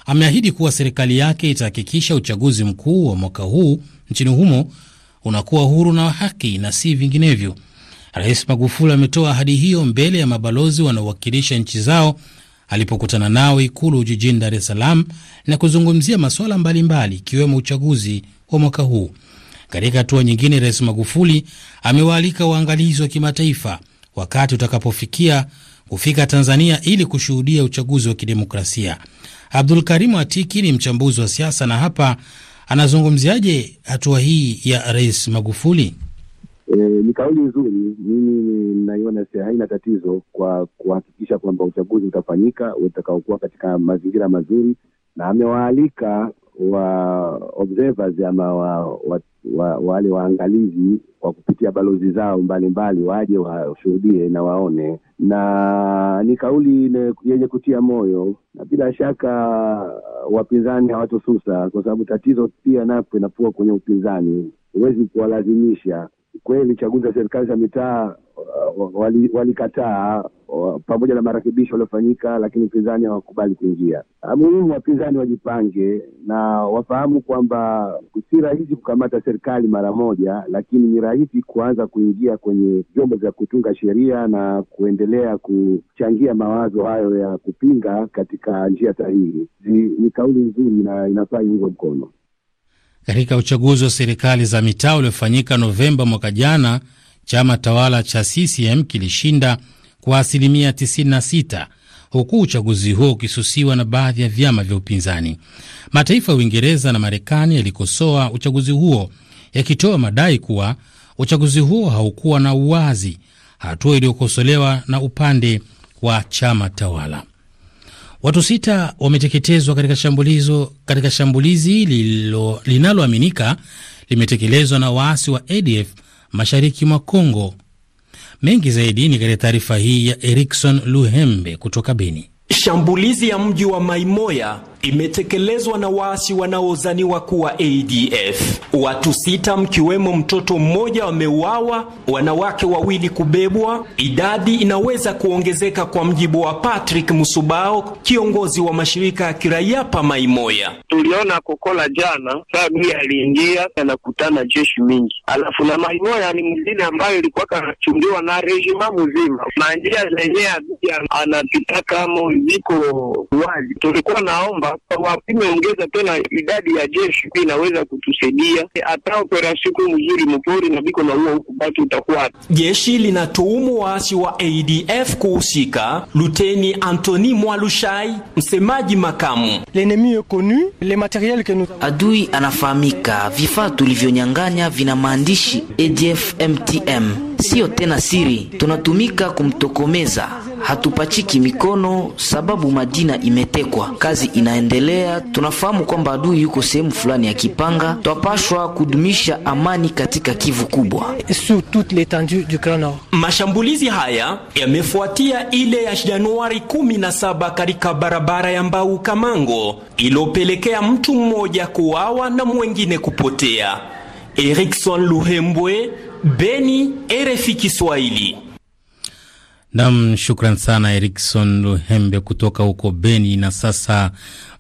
ameahidi kuwa serikali yake itahakikisha uchaguzi mkuu wa mwaka huu nchini humo unakuwa huru na haki na si vinginevyo. Rais Magufuli ametoa ahadi hiyo mbele ya mabalozi wanaowakilisha nchi zao alipokutana nao Ikulu jijini Dar es Salaam na kuzungumzia masuala mbalimbali ikiwemo uchaguzi wa mwaka huu. Katika hatua nyingine, Rais Magufuli amewaalika waangalizi wa kimataifa wakati utakapofikia kufika Tanzania ili kushuhudia uchaguzi wa kidemokrasia. Abdul Karimu Atiki ni mchambuzi wa siasa na hapa anazungumziaje hatua hii ya Rais Magufuli? E, eh, ni kauli nzuri, mimi naiona haina tatizo kwa kuhakikisha kwamba uchaguzi utafanyika utakaokuwa katika mazingira mazuri, na amewaalika wa observers ama wa, wa, wa, wale waangalizi kwa kupitia balozi zao mbalimbali waje washuhudie na waone, na ni kauli yenye kutia moyo, na bila shaka wapinzani hawatosusa, kwa sababu tatizo pia napo inapua kwenye upinzani, huwezi kuwalazimisha Kweli chaguzi za serikali za mitaa uh, walikataa wali uh, pamoja na marekebisho waliofanyika, lakini upinzani hawakubali kuingia. Ah, muhimu wapinzani wajipange na wafahamu kwamba si rahisi kukamata serikali mara moja, lakini ni rahisi kuanza kuingia kwenye vyombo vya kutunga sheria na kuendelea kuchangia mawazo hayo ya kupinga katika njia sahihi. Ni kauli nzuri na inafaa iungwe mkono. Katika uchaguzi wa serikali za mitaa uliofanyika Novemba mwaka jana, chama tawala cha CCM kilishinda kwa asilimia 96 huku uchaguzi huo ukisusiwa na baadhi ya vyama vya upinzani. Mataifa ya Uingereza na Marekani yalikosoa uchaguzi huo yakitoa madai kuwa uchaguzi huo haukuwa na uwazi, hatua iliyokosolewa na upande wa chama tawala. Watu sita wameteketezwa katika shambulizo katika shambulizi linaloaminika limetekelezwa na waasi wa ADF mashariki mwa congo Mengi zaidi ni katika taarifa hii ya Erikson Luhembe kutoka Beni. Shambulizi ya mji wa Maimoya imetekelezwa na waasi wanaozaniwa kuwa ADF. Watu sita mkiwemo mtoto mmoja wameuawa, wanawake wawili kubebwa. Idadi inaweza kuongezeka, kwa mjibu wa Patrick Musubao, kiongozi wa mashirika ya kiraia Pamaimoya. Tuliona Kokola jana sabi aliingia anakutana jeshi mingi, alafu na Maimoya ni mwingine ambayo ilikuwa kanachungiwa na rejima mzima, na njia zenyewe anapita kama ziko wazi. Tulikuwa naomba wameongeza tena idadi ya jeshi, pia inaweza kutusaidia hata operasi ku mzuri mpori na biko na huo basi utakuwa. Jeshi linatuhumu waasi wa ADF kuhusika. Luteni Anthony Mwalushai, msemaji makamu: adui anafahamika, vifaa tulivyonyang'anya vina maandishi ADF MTM, siyo tena siri, tunatumika kumtokomeza hatupachiki mikono sababu Madina imetekwa, kazi inaendelea. Tunafahamu kwamba adui yuko sehemu fulani ya Kipanga, twapashwa kudumisha amani katika Kivu kubwa. Mashambulizi haya yamefuatia ile ya Januari 17 katika barabara ya Mbau Kamango iliopelekea mtu mmoja kuawa na mwengine kupotea. Erikson Luhembwe, Beni, RFI Kiswahili. Nam, shukran sana Erikson Luhembe kutoka huko Beni. Na sasa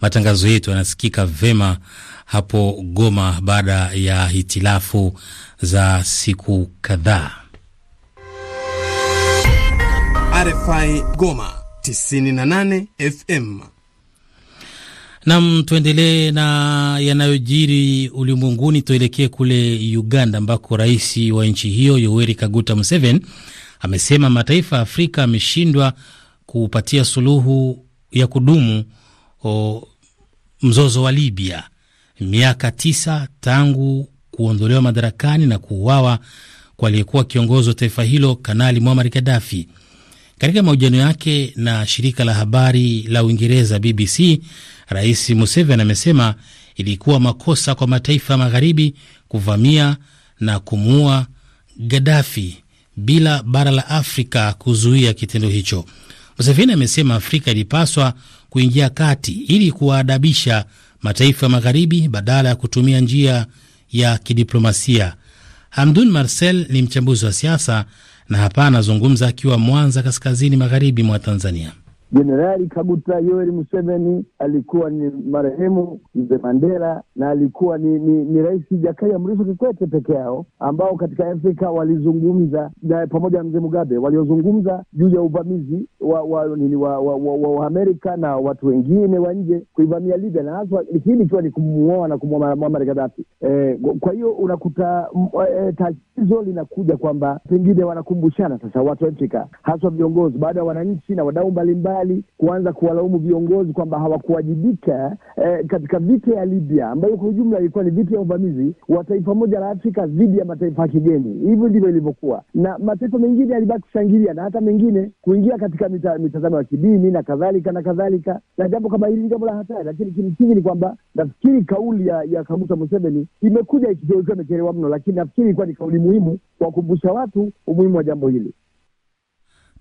matangazo yetu yanasikika vema hapo Goma baada ya hitilafu za siku kadhaa. RFI Goma 98 FM. Nam, tuendelee na yanayojiri ulimwenguni. Tuelekee kule Uganda ambako rais wa nchi hiyo Yoweri Kaguta Museveni amesema mataifa ya Afrika ameshindwa kupatia suluhu ya kudumu o, mzozo wa Libya miaka tisa tangu kuondolewa madarakani na kuuawa kwa aliyekuwa kiongozi wa taifa hilo Kanali Muammar Gaddafi. Katika mahojiano yake na shirika la habari la Uingereza BBC, Rais Museveni amesema ilikuwa makosa kwa mataifa ya magharibi kuvamia na kumuua Gaddafi bila bara la Afrika kuzuia kitendo hicho. Museveni amesema Afrika ilipaswa kuingia kati ili kuwaadabisha mataifa ya magharibi badala ya kutumia njia ya kidiplomasia. Hamdun Marcel ni mchambuzi wa siasa na hapa anazungumza akiwa Mwanza, kaskazini magharibi mwa Tanzania. Jenerali Kaguta Yoweri Museveni alikuwa ni marehemu mzee Mandela na alikuwa ni, ni, ni rais Jakaya Mrisho Kikwete peke yao ambao katika Afrika walizungumza na pamoja na mzee Mugabe waliozungumza juu ya uvamizi wa wa wa, wa, wa wa Amerika na watu wengine wa nje kuivamia Libya na haswa hili ikiwa ni kumuoa na kumua Muammar Gaddafi. E, kwa hiyo unakuta e, eh, eh, tatizo linakuja kwamba pengine wanakumbushana sasa watu Afrika haswa viongozi baada ya wananchi na wadau mbalimbali serikali kuanza kuwalaumu viongozi kwamba hawakuwajibika eh, katika vita ya Libya ambayo kwa ujumla ilikuwa ni vita ya uvamizi wa taifa moja la Afrika dhidi ya mataifa ya kigeni. Hivyo ndivyo ilivyokuwa, na mataifa mengine yalibaki kushangilia na hata mengine kuingia katika mita, mitazamo ya kidini na kadhalika na kadhalika, na jambo kama hili ni jambo la hatari, lakini kimsingi ni kwamba nafikiri kauli ya, ya Kaguta Museveni imekuja ikiwa imechelewa mno, lakini nafikiri ilikuwa ni kauli muhimu kwa kukumbusha watu umuhimu wa jambo hili.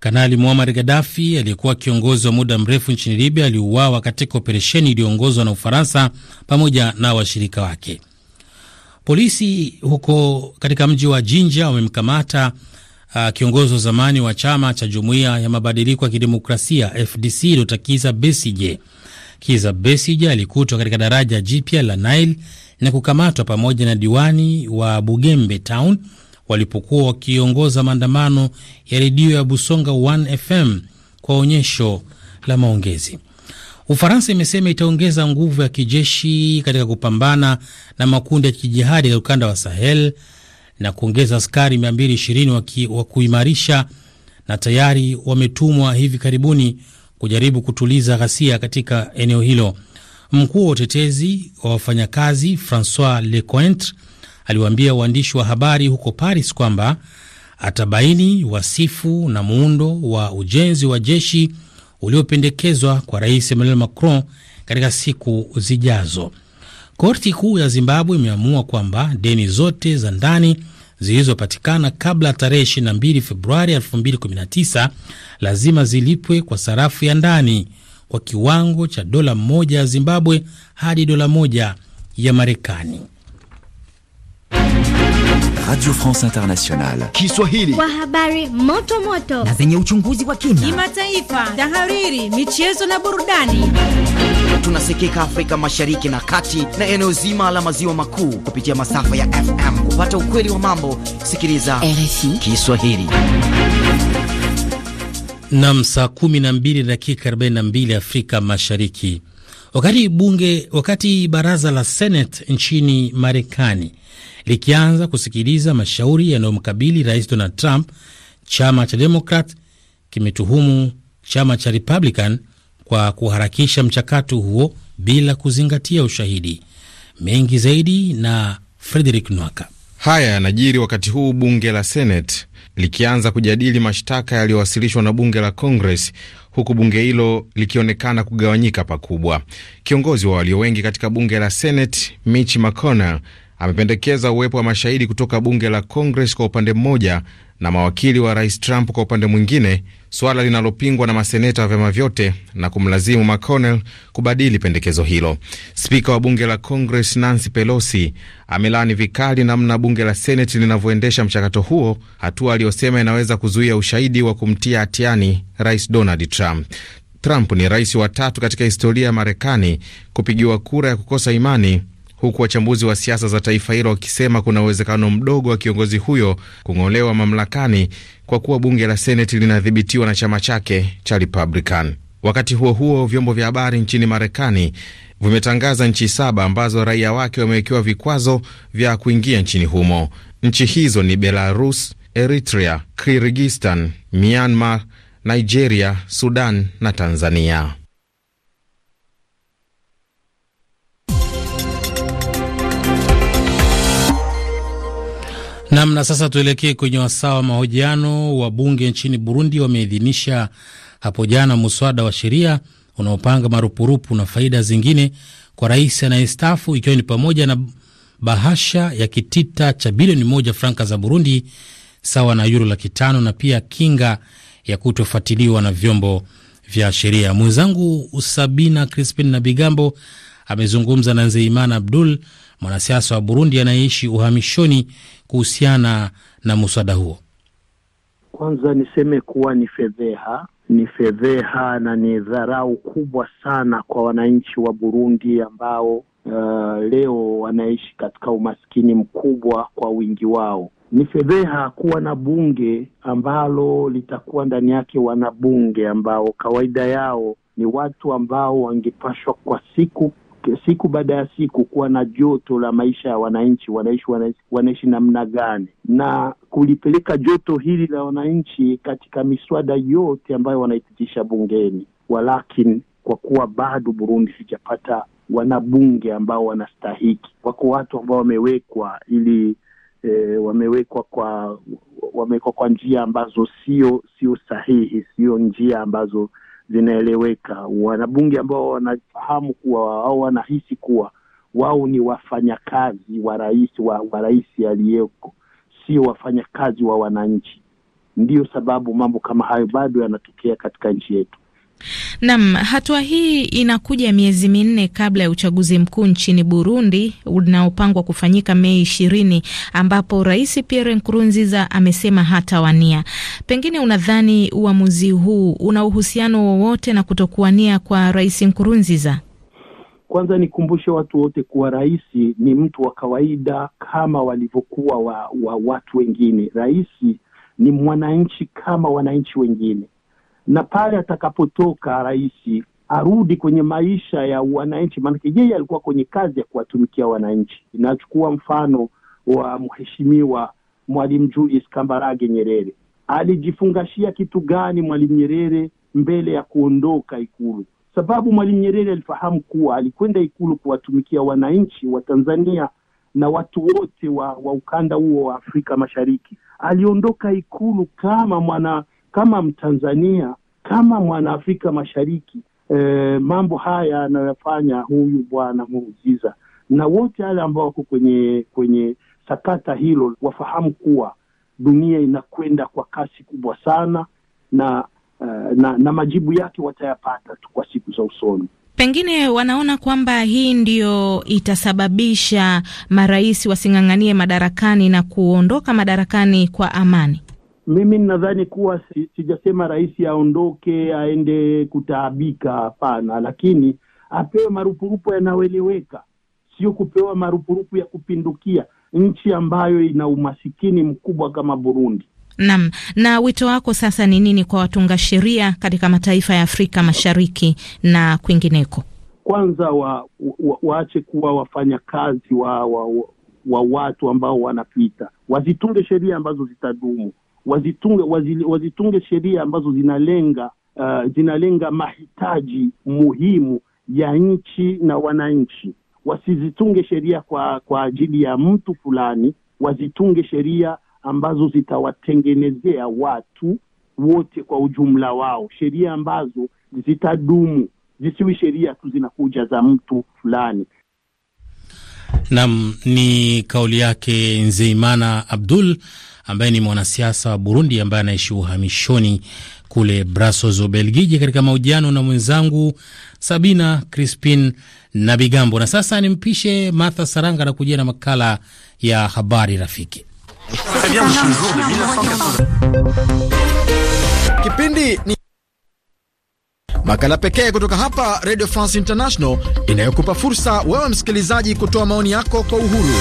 Kanali muamar Gadafi aliyekuwa kiongozi wa muda mrefu nchini Libya aliuawa katika operesheni iliyoongozwa na Ufaransa pamoja na washirika wake. Polisi huko katika mji wa Jinja wamemkamata uh, kiongozi wa zamani wa chama cha Jumuiya ya Mabadiliko ya Kidemokrasia FDC Dr Kiza Besije. Kiza Besije alikutwa katika daraja jipya la Nile na kukamatwa pamoja na diwani wa Bugembe Town walipokuwa wakiongoza maandamano ya redio ya Busonga 1 FM kwa onyesho la maongezi. Ufaransa imesema itaongeza nguvu ya kijeshi katika kupambana na makundi ya kijihadi katika ukanda wa Sahel na kuongeza askari 220 wa kuimarisha, na tayari wametumwa hivi karibuni kujaribu kutuliza ghasia katika eneo hilo. Mkuu wa utetezi wa wafanyakazi Francois Lecointre aliwaambia waandishi wa habari huko Paris kwamba atabaini wasifu na muundo wa ujenzi wa jeshi uliopendekezwa kwa Rais Emmanuel Macron katika siku zijazo. Korti kuu ya Zimbabwe imeamua kwamba deni zote za ndani zilizopatikana kabla tarehe 22 Februari 2019 lazima zilipwe kwa sarafu ya ndani kwa kiwango cha dola moja ya Zimbabwe hadi dola moja ya Marekani. Radio France Internationale. Kiswahili. Kwa habari moto moto na zenye uchunguzi wa kina, kimataifa, tahariri, michezo na burudani. Tunasikika Afrika Mashariki na Kati na eneo zima la maziwa makuu kupitia masafa ya FM. Kupata ukweli wa mambo, sikiliza RFI Kiswahili. Nam, saa 12 dakika 42 Afrika Mashariki. Wakati bunge, wakati baraza la Senate nchini Marekani likianza kusikiliza mashauri yanayomkabili rais Donald Trump, chama cha Demokrat kimetuhumu chama cha Republican kwa kuharakisha mchakato huo bila kuzingatia ushahidi. Mengi zaidi na Frederick Nwaka. Haya yanajiri wakati huu bunge la Senate likianza kujadili mashtaka yaliyowasilishwa na bunge la Congress huku bunge hilo likionekana kugawanyika pakubwa. Kiongozi wa walio wengi katika bunge la Senate Mitch McConnell amependekeza uwepo wa mashahidi kutoka bunge la Congress kwa upande mmoja na mawakili wa rais Trump kwa upande mwingine suala linalopingwa na maseneta wa vyama vyote na kumlazimu McConnell kubadili pendekezo hilo. Spika wa bunge la Congress Nancy Pelosi amelaani vikali namna bunge la Seneti linavyoendesha mchakato huo, hatua aliyosema inaweza kuzuia ushahidi wa kumtia hatiani Rais Donald Trump. Trump ni rais wa tatu katika historia ya Marekani kupigiwa kura ya kukosa imani huku wachambuzi wa siasa za taifa hilo wakisema kuna uwezekano mdogo wa kiongozi huyo kung'olewa mamlakani kwa kuwa bunge la Seneti linadhibitiwa na chama chake cha Republican. Wakati huo huo, vyombo vya habari nchini Marekani vimetangaza nchi saba ambazo raia wake wamewekewa vikwazo vya kuingia nchini humo. Nchi hizo ni Belarus, Eritrea, Kirgistan, Myanmar, Nigeria, Sudan na Tanzania. Namna sasa, tuelekee kwenye wasaa wa mahojiano. Wabunge nchini Burundi wameidhinisha hapo jana muswada wa sheria unaopanga marupurupu na faida zingine kwa rais anayestaafu, ikiwa ni pamoja na bahasha ya kitita cha bilioni moja franka za Burundi sawa na yuro laki tano na pia kinga ya kutofuatiliwa na vyombo vya sheria. Mwenzangu sabina Crispin na Bigambo amezungumza na Nzeimana Abdul, mwanasiasa wa Burundi anayeishi uhamishoni kuhusiana na muswada huo? Kwanza niseme kuwa ni fedheha, ni fedheha na ni dharau kubwa sana kwa wananchi wa Burundi ambao Uh, leo wanaishi katika umaskini mkubwa kwa wingi wao. Ni fedheha kuwa na bunge ambalo litakuwa ndani yake wanabunge ambao kawaida yao ni watu ambao wangepashwa kwa siku siku baada ya siku kuwa na joto la maisha ya wananchi, wanaishi wanaishi namna gani, na kulipeleka joto hili la wananchi katika miswada yote ambayo wanaipitisha bungeni. Walakini, kwa kuwa bado Burundi sijapata wanabunge ambao wanastahiki, wako watu ambao wamewekwa ili E, wamewekwa kwa wamewekwa kwa njia ambazo sio sio sahihi, sio njia ambazo zinaeleweka. Wanabunge ambao wanafahamu kuwa au wanahisi kuwa wao ni wafanyakazi wa rais wa, wa rais aliyeko, sio wafanyakazi wa wananchi. Ndiyo sababu mambo kama hayo bado yanatokea katika nchi yetu. Nam, hatua hii inakuja miezi minne kabla ya uchaguzi mkuu nchini Burundi unaopangwa kufanyika Mei ishirini, ambapo Rais Pierre Nkurunziza amesema hatawania. Pengine unadhani uamuzi huu una uhusiano wowote na kutokuwania kwa Rais Nkurunziza? Kwanza nikumbushe watu wote kuwa rais ni mtu wa kawaida kama walivyokuwa wa, wa watu wengine. Rais ni mwananchi kama wananchi wengine na pale atakapotoka rais arudi kwenye maisha ya wananchi, maanake yeye alikuwa kwenye kazi ya kuwatumikia wananchi. Inachukua mfano wa mheshimiwa Mwalimu Julius Kambarage Nyerere. Alijifungashia kitu gani Mwalimu Nyerere mbele ya kuondoka Ikulu? Sababu Mwalimu Nyerere alifahamu kuwa alikwenda Ikulu kuwatumikia wananchi wa Tanzania na watu wote wa, wa ukanda huo wa Afrika Mashariki. Aliondoka Ikulu kama mwana kama Mtanzania kama mwanaafrika Mashariki e, mambo haya anayoyafanya huyu bwana Muujiza na wote wale ambao wako kwenye kwenye sakata hilo wafahamu kuwa dunia inakwenda kwa kasi kubwa sana na eh, na, na majibu yake watayapata tu kwa siku za usoni. Pengine wanaona kwamba hii ndiyo itasababisha marais wasing'ang'anie madarakani na kuondoka madarakani kwa amani. Mimi ninadhani kuwa sijasema rais aondoke aende kutaabika, hapana, lakini apewe marupurupu yanayoeleweka, sio kupewa marupurupu ya kupindukia, nchi ambayo ina umasikini mkubwa kama Burundi. nam na wito wako sasa ni nini kwa watunga sheria katika mataifa ya Afrika Mashariki na kwingineko? Kwanza wa, wa, waache kuwa wafanyakazi wa, wa, wa watu ambao wanapita, wazitunge sheria ambazo zitadumu wazitunge, wazil, wazitunge sheria ambazo zinalenga uh, zinalenga mahitaji muhimu ya nchi na wananchi. Wasizitunge sheria kwa, kwa ajili ya mtu fulani, wazitunge sheria ambazo zitawatengenezea watu wote kwa ujumla wao, sheria ambazo zitadumu, zisiwi sheria tu zinakuja za mtu fulani. nam ni kauli yake Nzeimana Abdul ambaye ni mwanasiasa wa Burundi ambaye anaishi uhamishoni kule Brussels, Ubelgiji, katika mahojiano na mwenzangu Sabina Crispin na Bigambo. Na sasa nimpishe Martha Saranga na kujia na makala ya habari rafiki. Kipindi ni makala pekee kutoka hapa Radio France International inayokupa fursa wewe msikilizaji kutoa maoni yako kwa uhuru.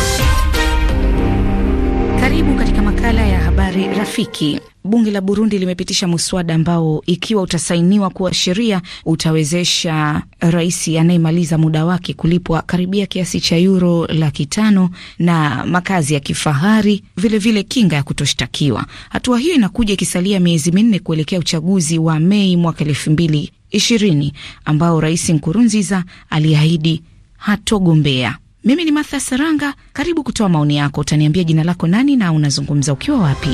Karibu katika Makala ya habari rafiki. Bunge la Burundi limepitisha muswada ambao ikiwa utasainiwa kuwa sheria utawezesha rais anayemaliza muda wake kulipwa karibia kiasi cha yuro laki tano na makazi ya kifahari, vilevile vile kinga ya kutoshtakiwa. Hatua hiyo inakuja ikisalia miezi minne kuelekea uchaguzi wa Mei mwaka elfu mbili ishirini ambao Rais Nkurunziza aliahidi hatogombea. Mimi ni Martha Saranga, karibu kutoa maoni yako. Utaniambia jina lako nani na unazungumza ukiwa wapi?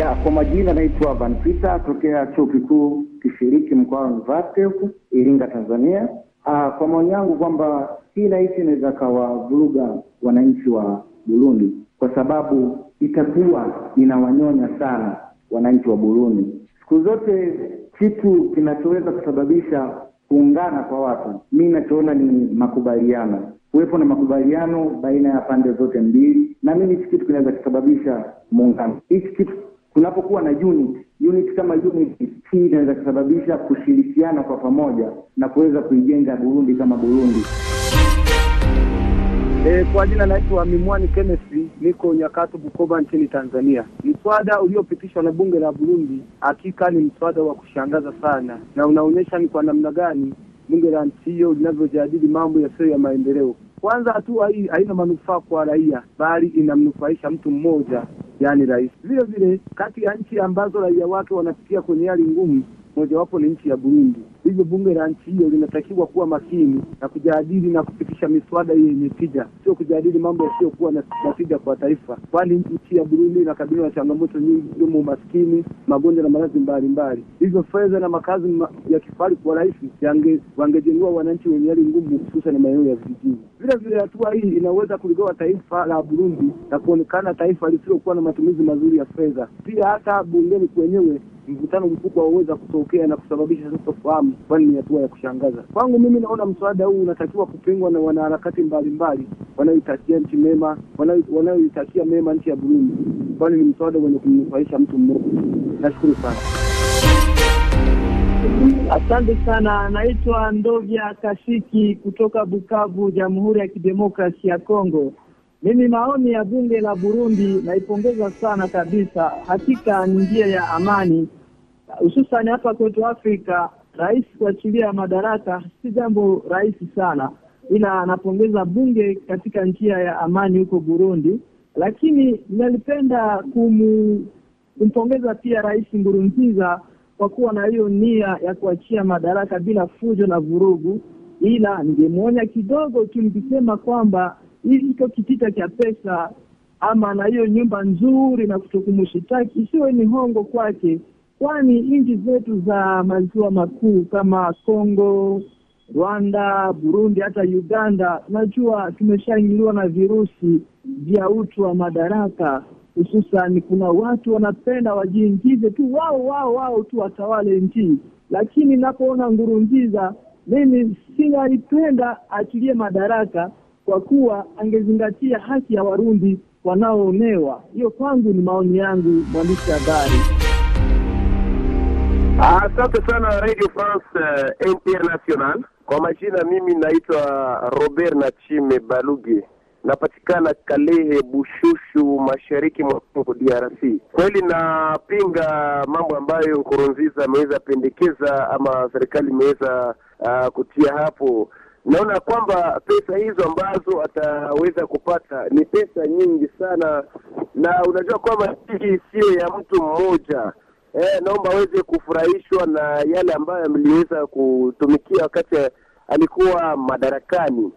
Ya, kwa majina naitwa Vanpita tokea chuo kikuu kishiriki wa Mvate huku Iringa, Tanzania. Aa, ah, kwa maoni yangu kwamba hii raisi inaweza kawavuruga wananchi wa Burundi kwa sababu itakuwa inawanyonya sana wananchi wa Burundi. Siku zote kitu kinachoweza kusababisha kuungana kwa watu, mi nachoona ni makubaliano, kuwepo na makubaliano baina ya pande zote mbili. na mimi hichi kitu kinaweza kikasababisha muungano. Hichi kitu kunapokuwa na unit, unit kama unit hii inaweza kusababisha kushirikiana kwa pamoja na kuweza kuijenga Burundi kama Burundi. E, kwa jina naitwa Mimwani Kenneth, niko Nyakato, Bukoba nchini Tanzania. Mswada uliopitishwa na bunge la Burundi hakika ni mswada wa kushangaza sana, na unaonyesha ni kwa namna gani bunge la nchi hiyo linavyojadili mambo yasiyo ya maendeleo. Kwanza, hatua hii haina manufaa kwa raia, bali inamnufaisha mtu mmoja, yani rais. Vile vile, kati ya nchi ambazo raia wake wanapitia kwenye hali ngumu, mojawapo ni nchi ya Burundi. Hivyo bunge la nchi hiyo linatakiwa kuwa makini na kujadili na kupitisha miswada yenye tija, sio kujadili mambo yasiyokuwa na tija kwa taifa, kwani nchi ya Burundi inakabiliwa na changamoto nyingi, ikiwemo umaskini, magonjwa na maradhi mbalimbali. Hivyo fedha na makazi ma ya kifahari kwa rais wangejengua wananchi wenye hali ngumu, hususani maeneo ya vijijini. Vile vile, hatua hii inaweza kuligawa taifa la Burundi na kuonekana taifa lisilokuwa na matumizi mazuri ya fedha. Pia hata bungeni kwenyewe mvutano mkubwa waweza kutokea na kusababisha fahamu kwani ni hatua ya kushangaza kwangu. Mimi naona mswada huu unatakiwa kupingwa na wanaharakati mbalimbali wanaoitakia nchi mema, wanaoitakia mema nchi ya Burundi, kwani ni mswada wenye kumnufaisha mtu mmoja. Nashukuru sana. Asante sana. Naitwa Ndovya Kashiki kutoka Bukavu, Jamhuri ya Kidemokrasi ya Kongo. Mimi maoni ya bunge la Burundi naipongeza sana kabisa, hakika ni njia ya amani, hususani hapa kwetu Afrika. Rais kuachilia madaraka si jambo rahisi sana, ila anapongeza bunge katika njia ya amani huko Burundi. Lakini nalipenda kumpongeza pia Rais Ngurunziza kwa kuwa na hiyo nia ya kuachia madaraka bila fujo na vurugu, ila ningemwonya kidogo tu nikisema kwamba hiko kipita cha pesa ama na hiyo nyumba nzuri na kutokumushitaki isiwe ni hongo kwake, kwani nchi zetu za maziwa makuu kama Kongo, Rwanda, Burundi, hata Uganda, najua tumeshaingiliwa na virusi vya utu wa madaraka hususan kuna watu wanapenda wajiingize tu wao wao wao tu watawale nchi, lakini napoona Ngurunziza mimi singalipenda achilie madaraka, kwa kuwa angezingatia haki ya Warundi wanaoonewa. Hiyo kwangu ni maoni yangu, mwandishi habari. Asante sana Radio France uh, eh, International. Kwa majina mimi naitwa Robert Nachime Baluge, napatikana Kalehe Bushushu, mashariki mwa Kongo DRC. Kweli napinga mambo ambayo Nkurunziza ameweza pendekeza ama serikali imeweza uh, kutia hapo naona kwamba pesa hizo ambazo ataweza kupata ni pesa nyingi sana, na unajua kwamba hii sio ya mtu mmoja. e, naomba aweze kufurahishwa na yale ambayo ameliweza kutumikia wakati alikuwa madarakani.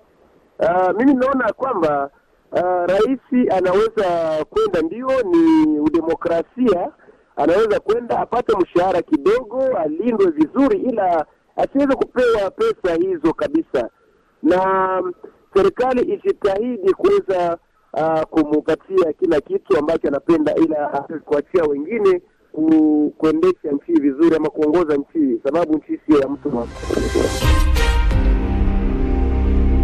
Uh, mimi naona kwamba uh, rais anaweza kwenda, ndio ni udemokrasia, anaweza kwenda apate mshahara kidogo, alindwe vizuri, ila asiweze kupewa pesa hizo kabisa na serikali ijitahidi kuweza uh, kumupatia kila kitu ambacho anapenda, ila kuachia wengine ku, kuendesha nchi vizuri ama kuongoza nchi, sababu nchi sio ya mtu mmoja.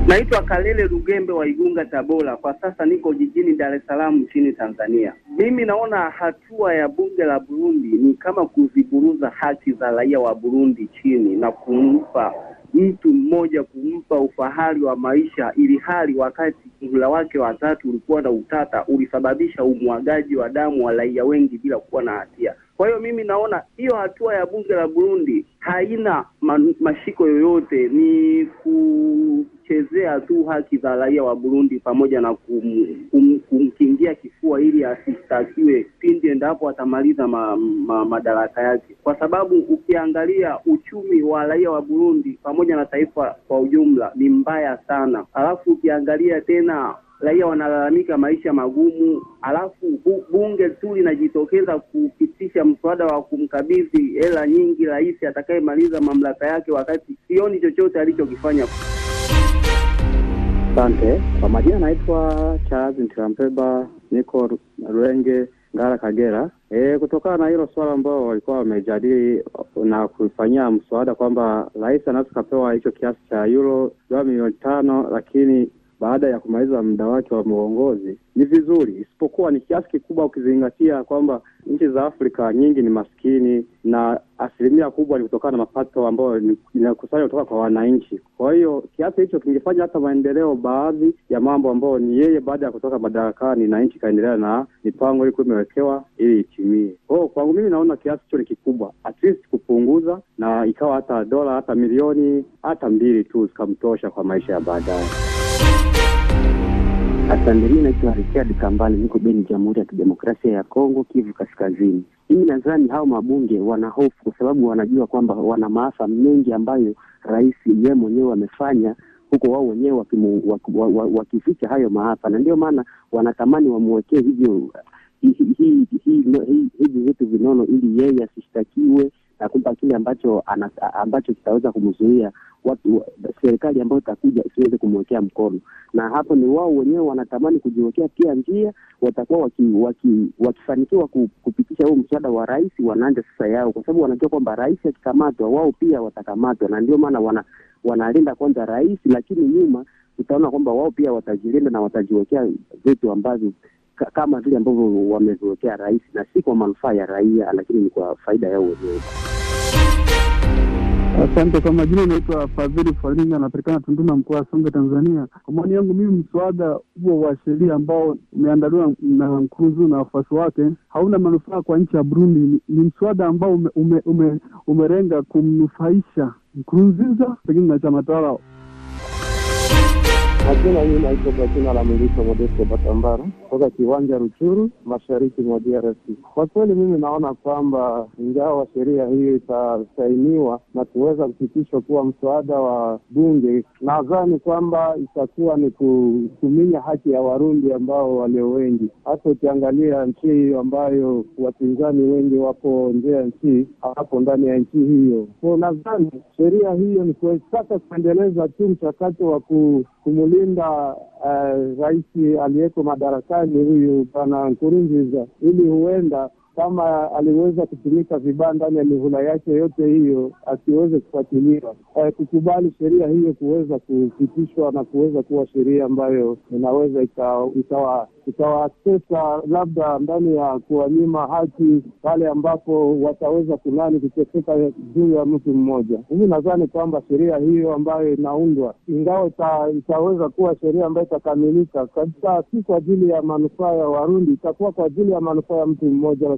Naitwa Kalele Rugembe wa Igunga, Tabora. Kwa sasa niko jijini Dar es Salaam nchini Tanzania. Mimi naona hatua ya bunge la Burundi ni kama kuziburuza haki za raia wa Burundi chini na kumpa mtu mmoja kumpa ufahari wa maisha, ili hali wakati mhula wake watatu ulikuwa na utata, ulisababisha umwagaji wa damu wa raia wengi bila kuwa na hatia. Kwa hiyo mimi naona hiyo hatua ya bunge la Burundi haina man, mashiko yoyote, ni kuchezea tu haki za raia wa Burundi pamoja na kum, kum, kumkingia kifua ili asistakiwe pindi endapo atamaliza ma, ma, madaraka yake, kwa sababu ukiangalia uchumi wa raia wa Burundi pamoja na taifa kwa ujumla ni mbaya sana, alafu ukiangalia tena raia wanalalamika maisha magumu, alafu bunge tu linajitokeza kupitisha mswada wa kumkabidhi hela nyingi rais atakayemaliza mamlaka yake, wakati sioni chochote alichokifanya. Asante kwa majina, anaitwa Charles Ntirampeba, niko Rwenge Ngara, Kagera. E, kutokana na hilo swala ambao walikuwa wamejadili na kufanyia mswada kwamba rais anaweza kapewa hicho kiasi cha euro dola milioni tano, lakini baada ya kumaliza muda wake wa uongozi ni vizuri, isipokuwa ni kiasi kikubwa ukizingatia kwamba nchi za Afrika nyingi ni maskini na asilimia kubwa ni kutokana na mapato ambayo inakusanywa kutoka kwa wananchi. Kwa hiyo kiasi hicho kingefanya hata maendeleo baadhi ya mambo ambayo ni yeye baada ya kutoka madarakani na nchi ikaendelea na mipango ilikuwa imewekewa ili itimie. Oh, kwangu mimi naona kiasi hicho ni kikubwa, at least kupunguza na ikawa hata dola hata milioni hata mbili tu zikamtosha kwa maisha ya baadaye. Asante. Mi naitwa Richard Kambale, niko Beni, Jamhuri ya Kidemokrasia ya Kongo, Kivu Kaskazini. Mimi nadhani hao mabunge wana hofu, kwa sababu wanajua kwamba wana maafa mengi ambayo rais yeye mwenyewe amefanya huko, wao wenyewe wakificha hayo maafa, na ndio maana wanatamani wamwekee hivyo hivi vitu vinono ili yeye asishtakiwe na kumpa kile ambacho ana, ambacho kitaweza kumzuia serikali ambayo itakuja isiweze kumwekea mkono, na hapo ni wao wenyewe wanatamani kujiwekea pia njia. Watakuwa waki, waki, wakifanikiwa kupitisha huu mswada wa rais, wanaanja sasa yao, kwa sababu wanajua kwamba rais akikamatwa, wao pia watakamatwa, na ndio maana wana, wanalinda kwanza rais, lakini nyuma utaona kwamba wao pia watajilinda na watajiwekea vitu ambavyo kama vile ambavyo wameviwekea rais, na si kwa manufaa ya raia, lakini ni kwa faida yao wenyewe. Asante kwa majina, anaitwa Fadhili Faringa, anapatikana Tunduma, mkoa wa songe Tanzania. Kwa maoni yangu mimi, mswada huo wa sheria ambao umeandaliwa na Nkurunziza na wafuasi wake hauna manufaa kwa nchi ya Burundi. Ni mswada ambao ume, ume, ume, umelenga kumnufaisha Nkurunziza pengine na chama tawala. Majina hii naitwa kwa jina la Mwilisho Modesto Batambara kutoka kiwanja Ruchuru, mashariki mwa DRC. Kwa kweli, mimi naona kwamba ingawa sheria hiyo itasainiwa na kuweza kupitishwa kuwa mswada wa bunge, nadhani kwamba itakuwa ni kutuminya haki ya Warundi ambao walio wengi, hasa ukiangalia nchi hiyo ambayo wapinzani wengi wapo nje ya nchi, hawapo ndani ya nchi hiyo. So nadhani sheria hiyo ni kutaka kuendeleza tu mchakato wa kumulia kumlinda uh, eh, rais aliyeko madarakani huyu bwana Nkurunziza, ili huenda kama aliweza kutumika vibaya ndani ya mihula yake yote hiyo asiweze kufuatiliwa. E, kukubali sheria hiyo kuweza kupitishwa na kuweza kuwa sheria ambayo inaweza ikawa ikawatesa ah, labda ndani ya kuwanyima haki pale ambapo wataweza kunani kuteseka juu ya mtu mmoja hivi. Nadhani kwamba sheria hiyo ambayo inaundwa, ingawa itaweza kuwa sheria ambayo itakamilika kabisa, si kwa ajili ya manufaa ya Warundi, itakuwa kwa ajili ya manufaa ya mtu mmoja.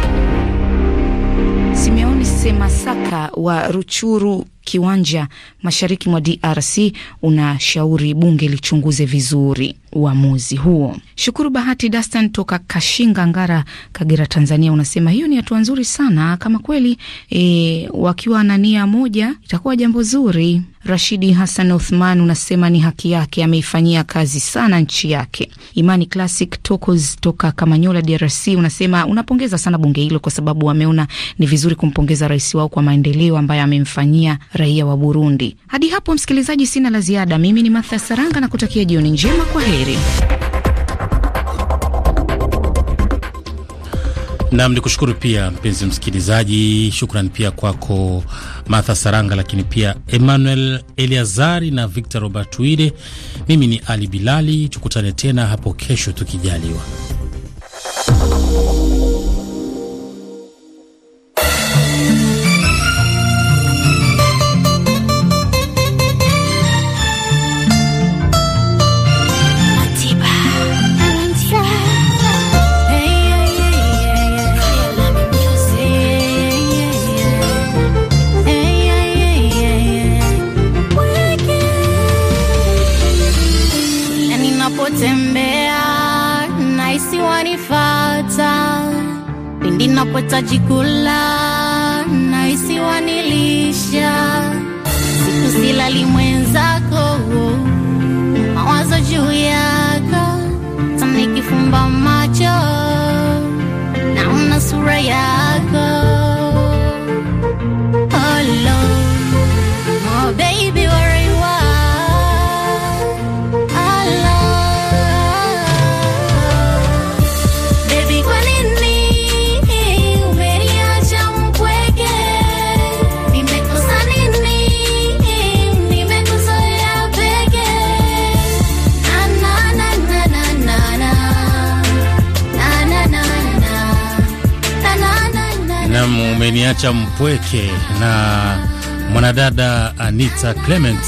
masaka wa Ruchuru Kiwanja, mashariki mwa DRC unashauri bunge lichunguze vizuri uamuzi huo. Shukuru Bahati Dastan toka Kashinga, Ngara, Kagera, Tanzania, unasema hiyo ni hatua nzuri sana. Kama kweli e, wakiwa na nia moja itakuwa jambo zuri. Rashidi Hassan Othman unasema ni haki yake, ameifanyia kazi sana nchi yake. Imani Classic Tokos toka Kamanyola, DRC unasema unapongeza sana bunge hilo kwa sababu wameona ni vizuri kumpongeza rais wao kwa maendeleo ambayo amemfanyia raia wa Burundi. Hadi hapo msikilizaji, sina la ziada. Mimi ni Martha Saranga na kutakia jioni njema, kwa heri. Nam ni kushukuru pia mpenzi msikilizaji, shukran pia kwako Martha Saranga, lakini pia Emmanuel Eliazari na Victor Robert Wile. Mimi ni Ali Bilali, tukutane tena hapo kesho tukijaliwa. janjiku Mpweke na mwanadada Anita Clement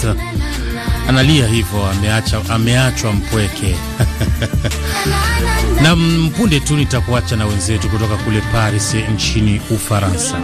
analia hivyo, ameacha ameachwa mpweke na mpunde tu nitakuacha na wenzetu kutoka kule Paris nchini Ufaransa.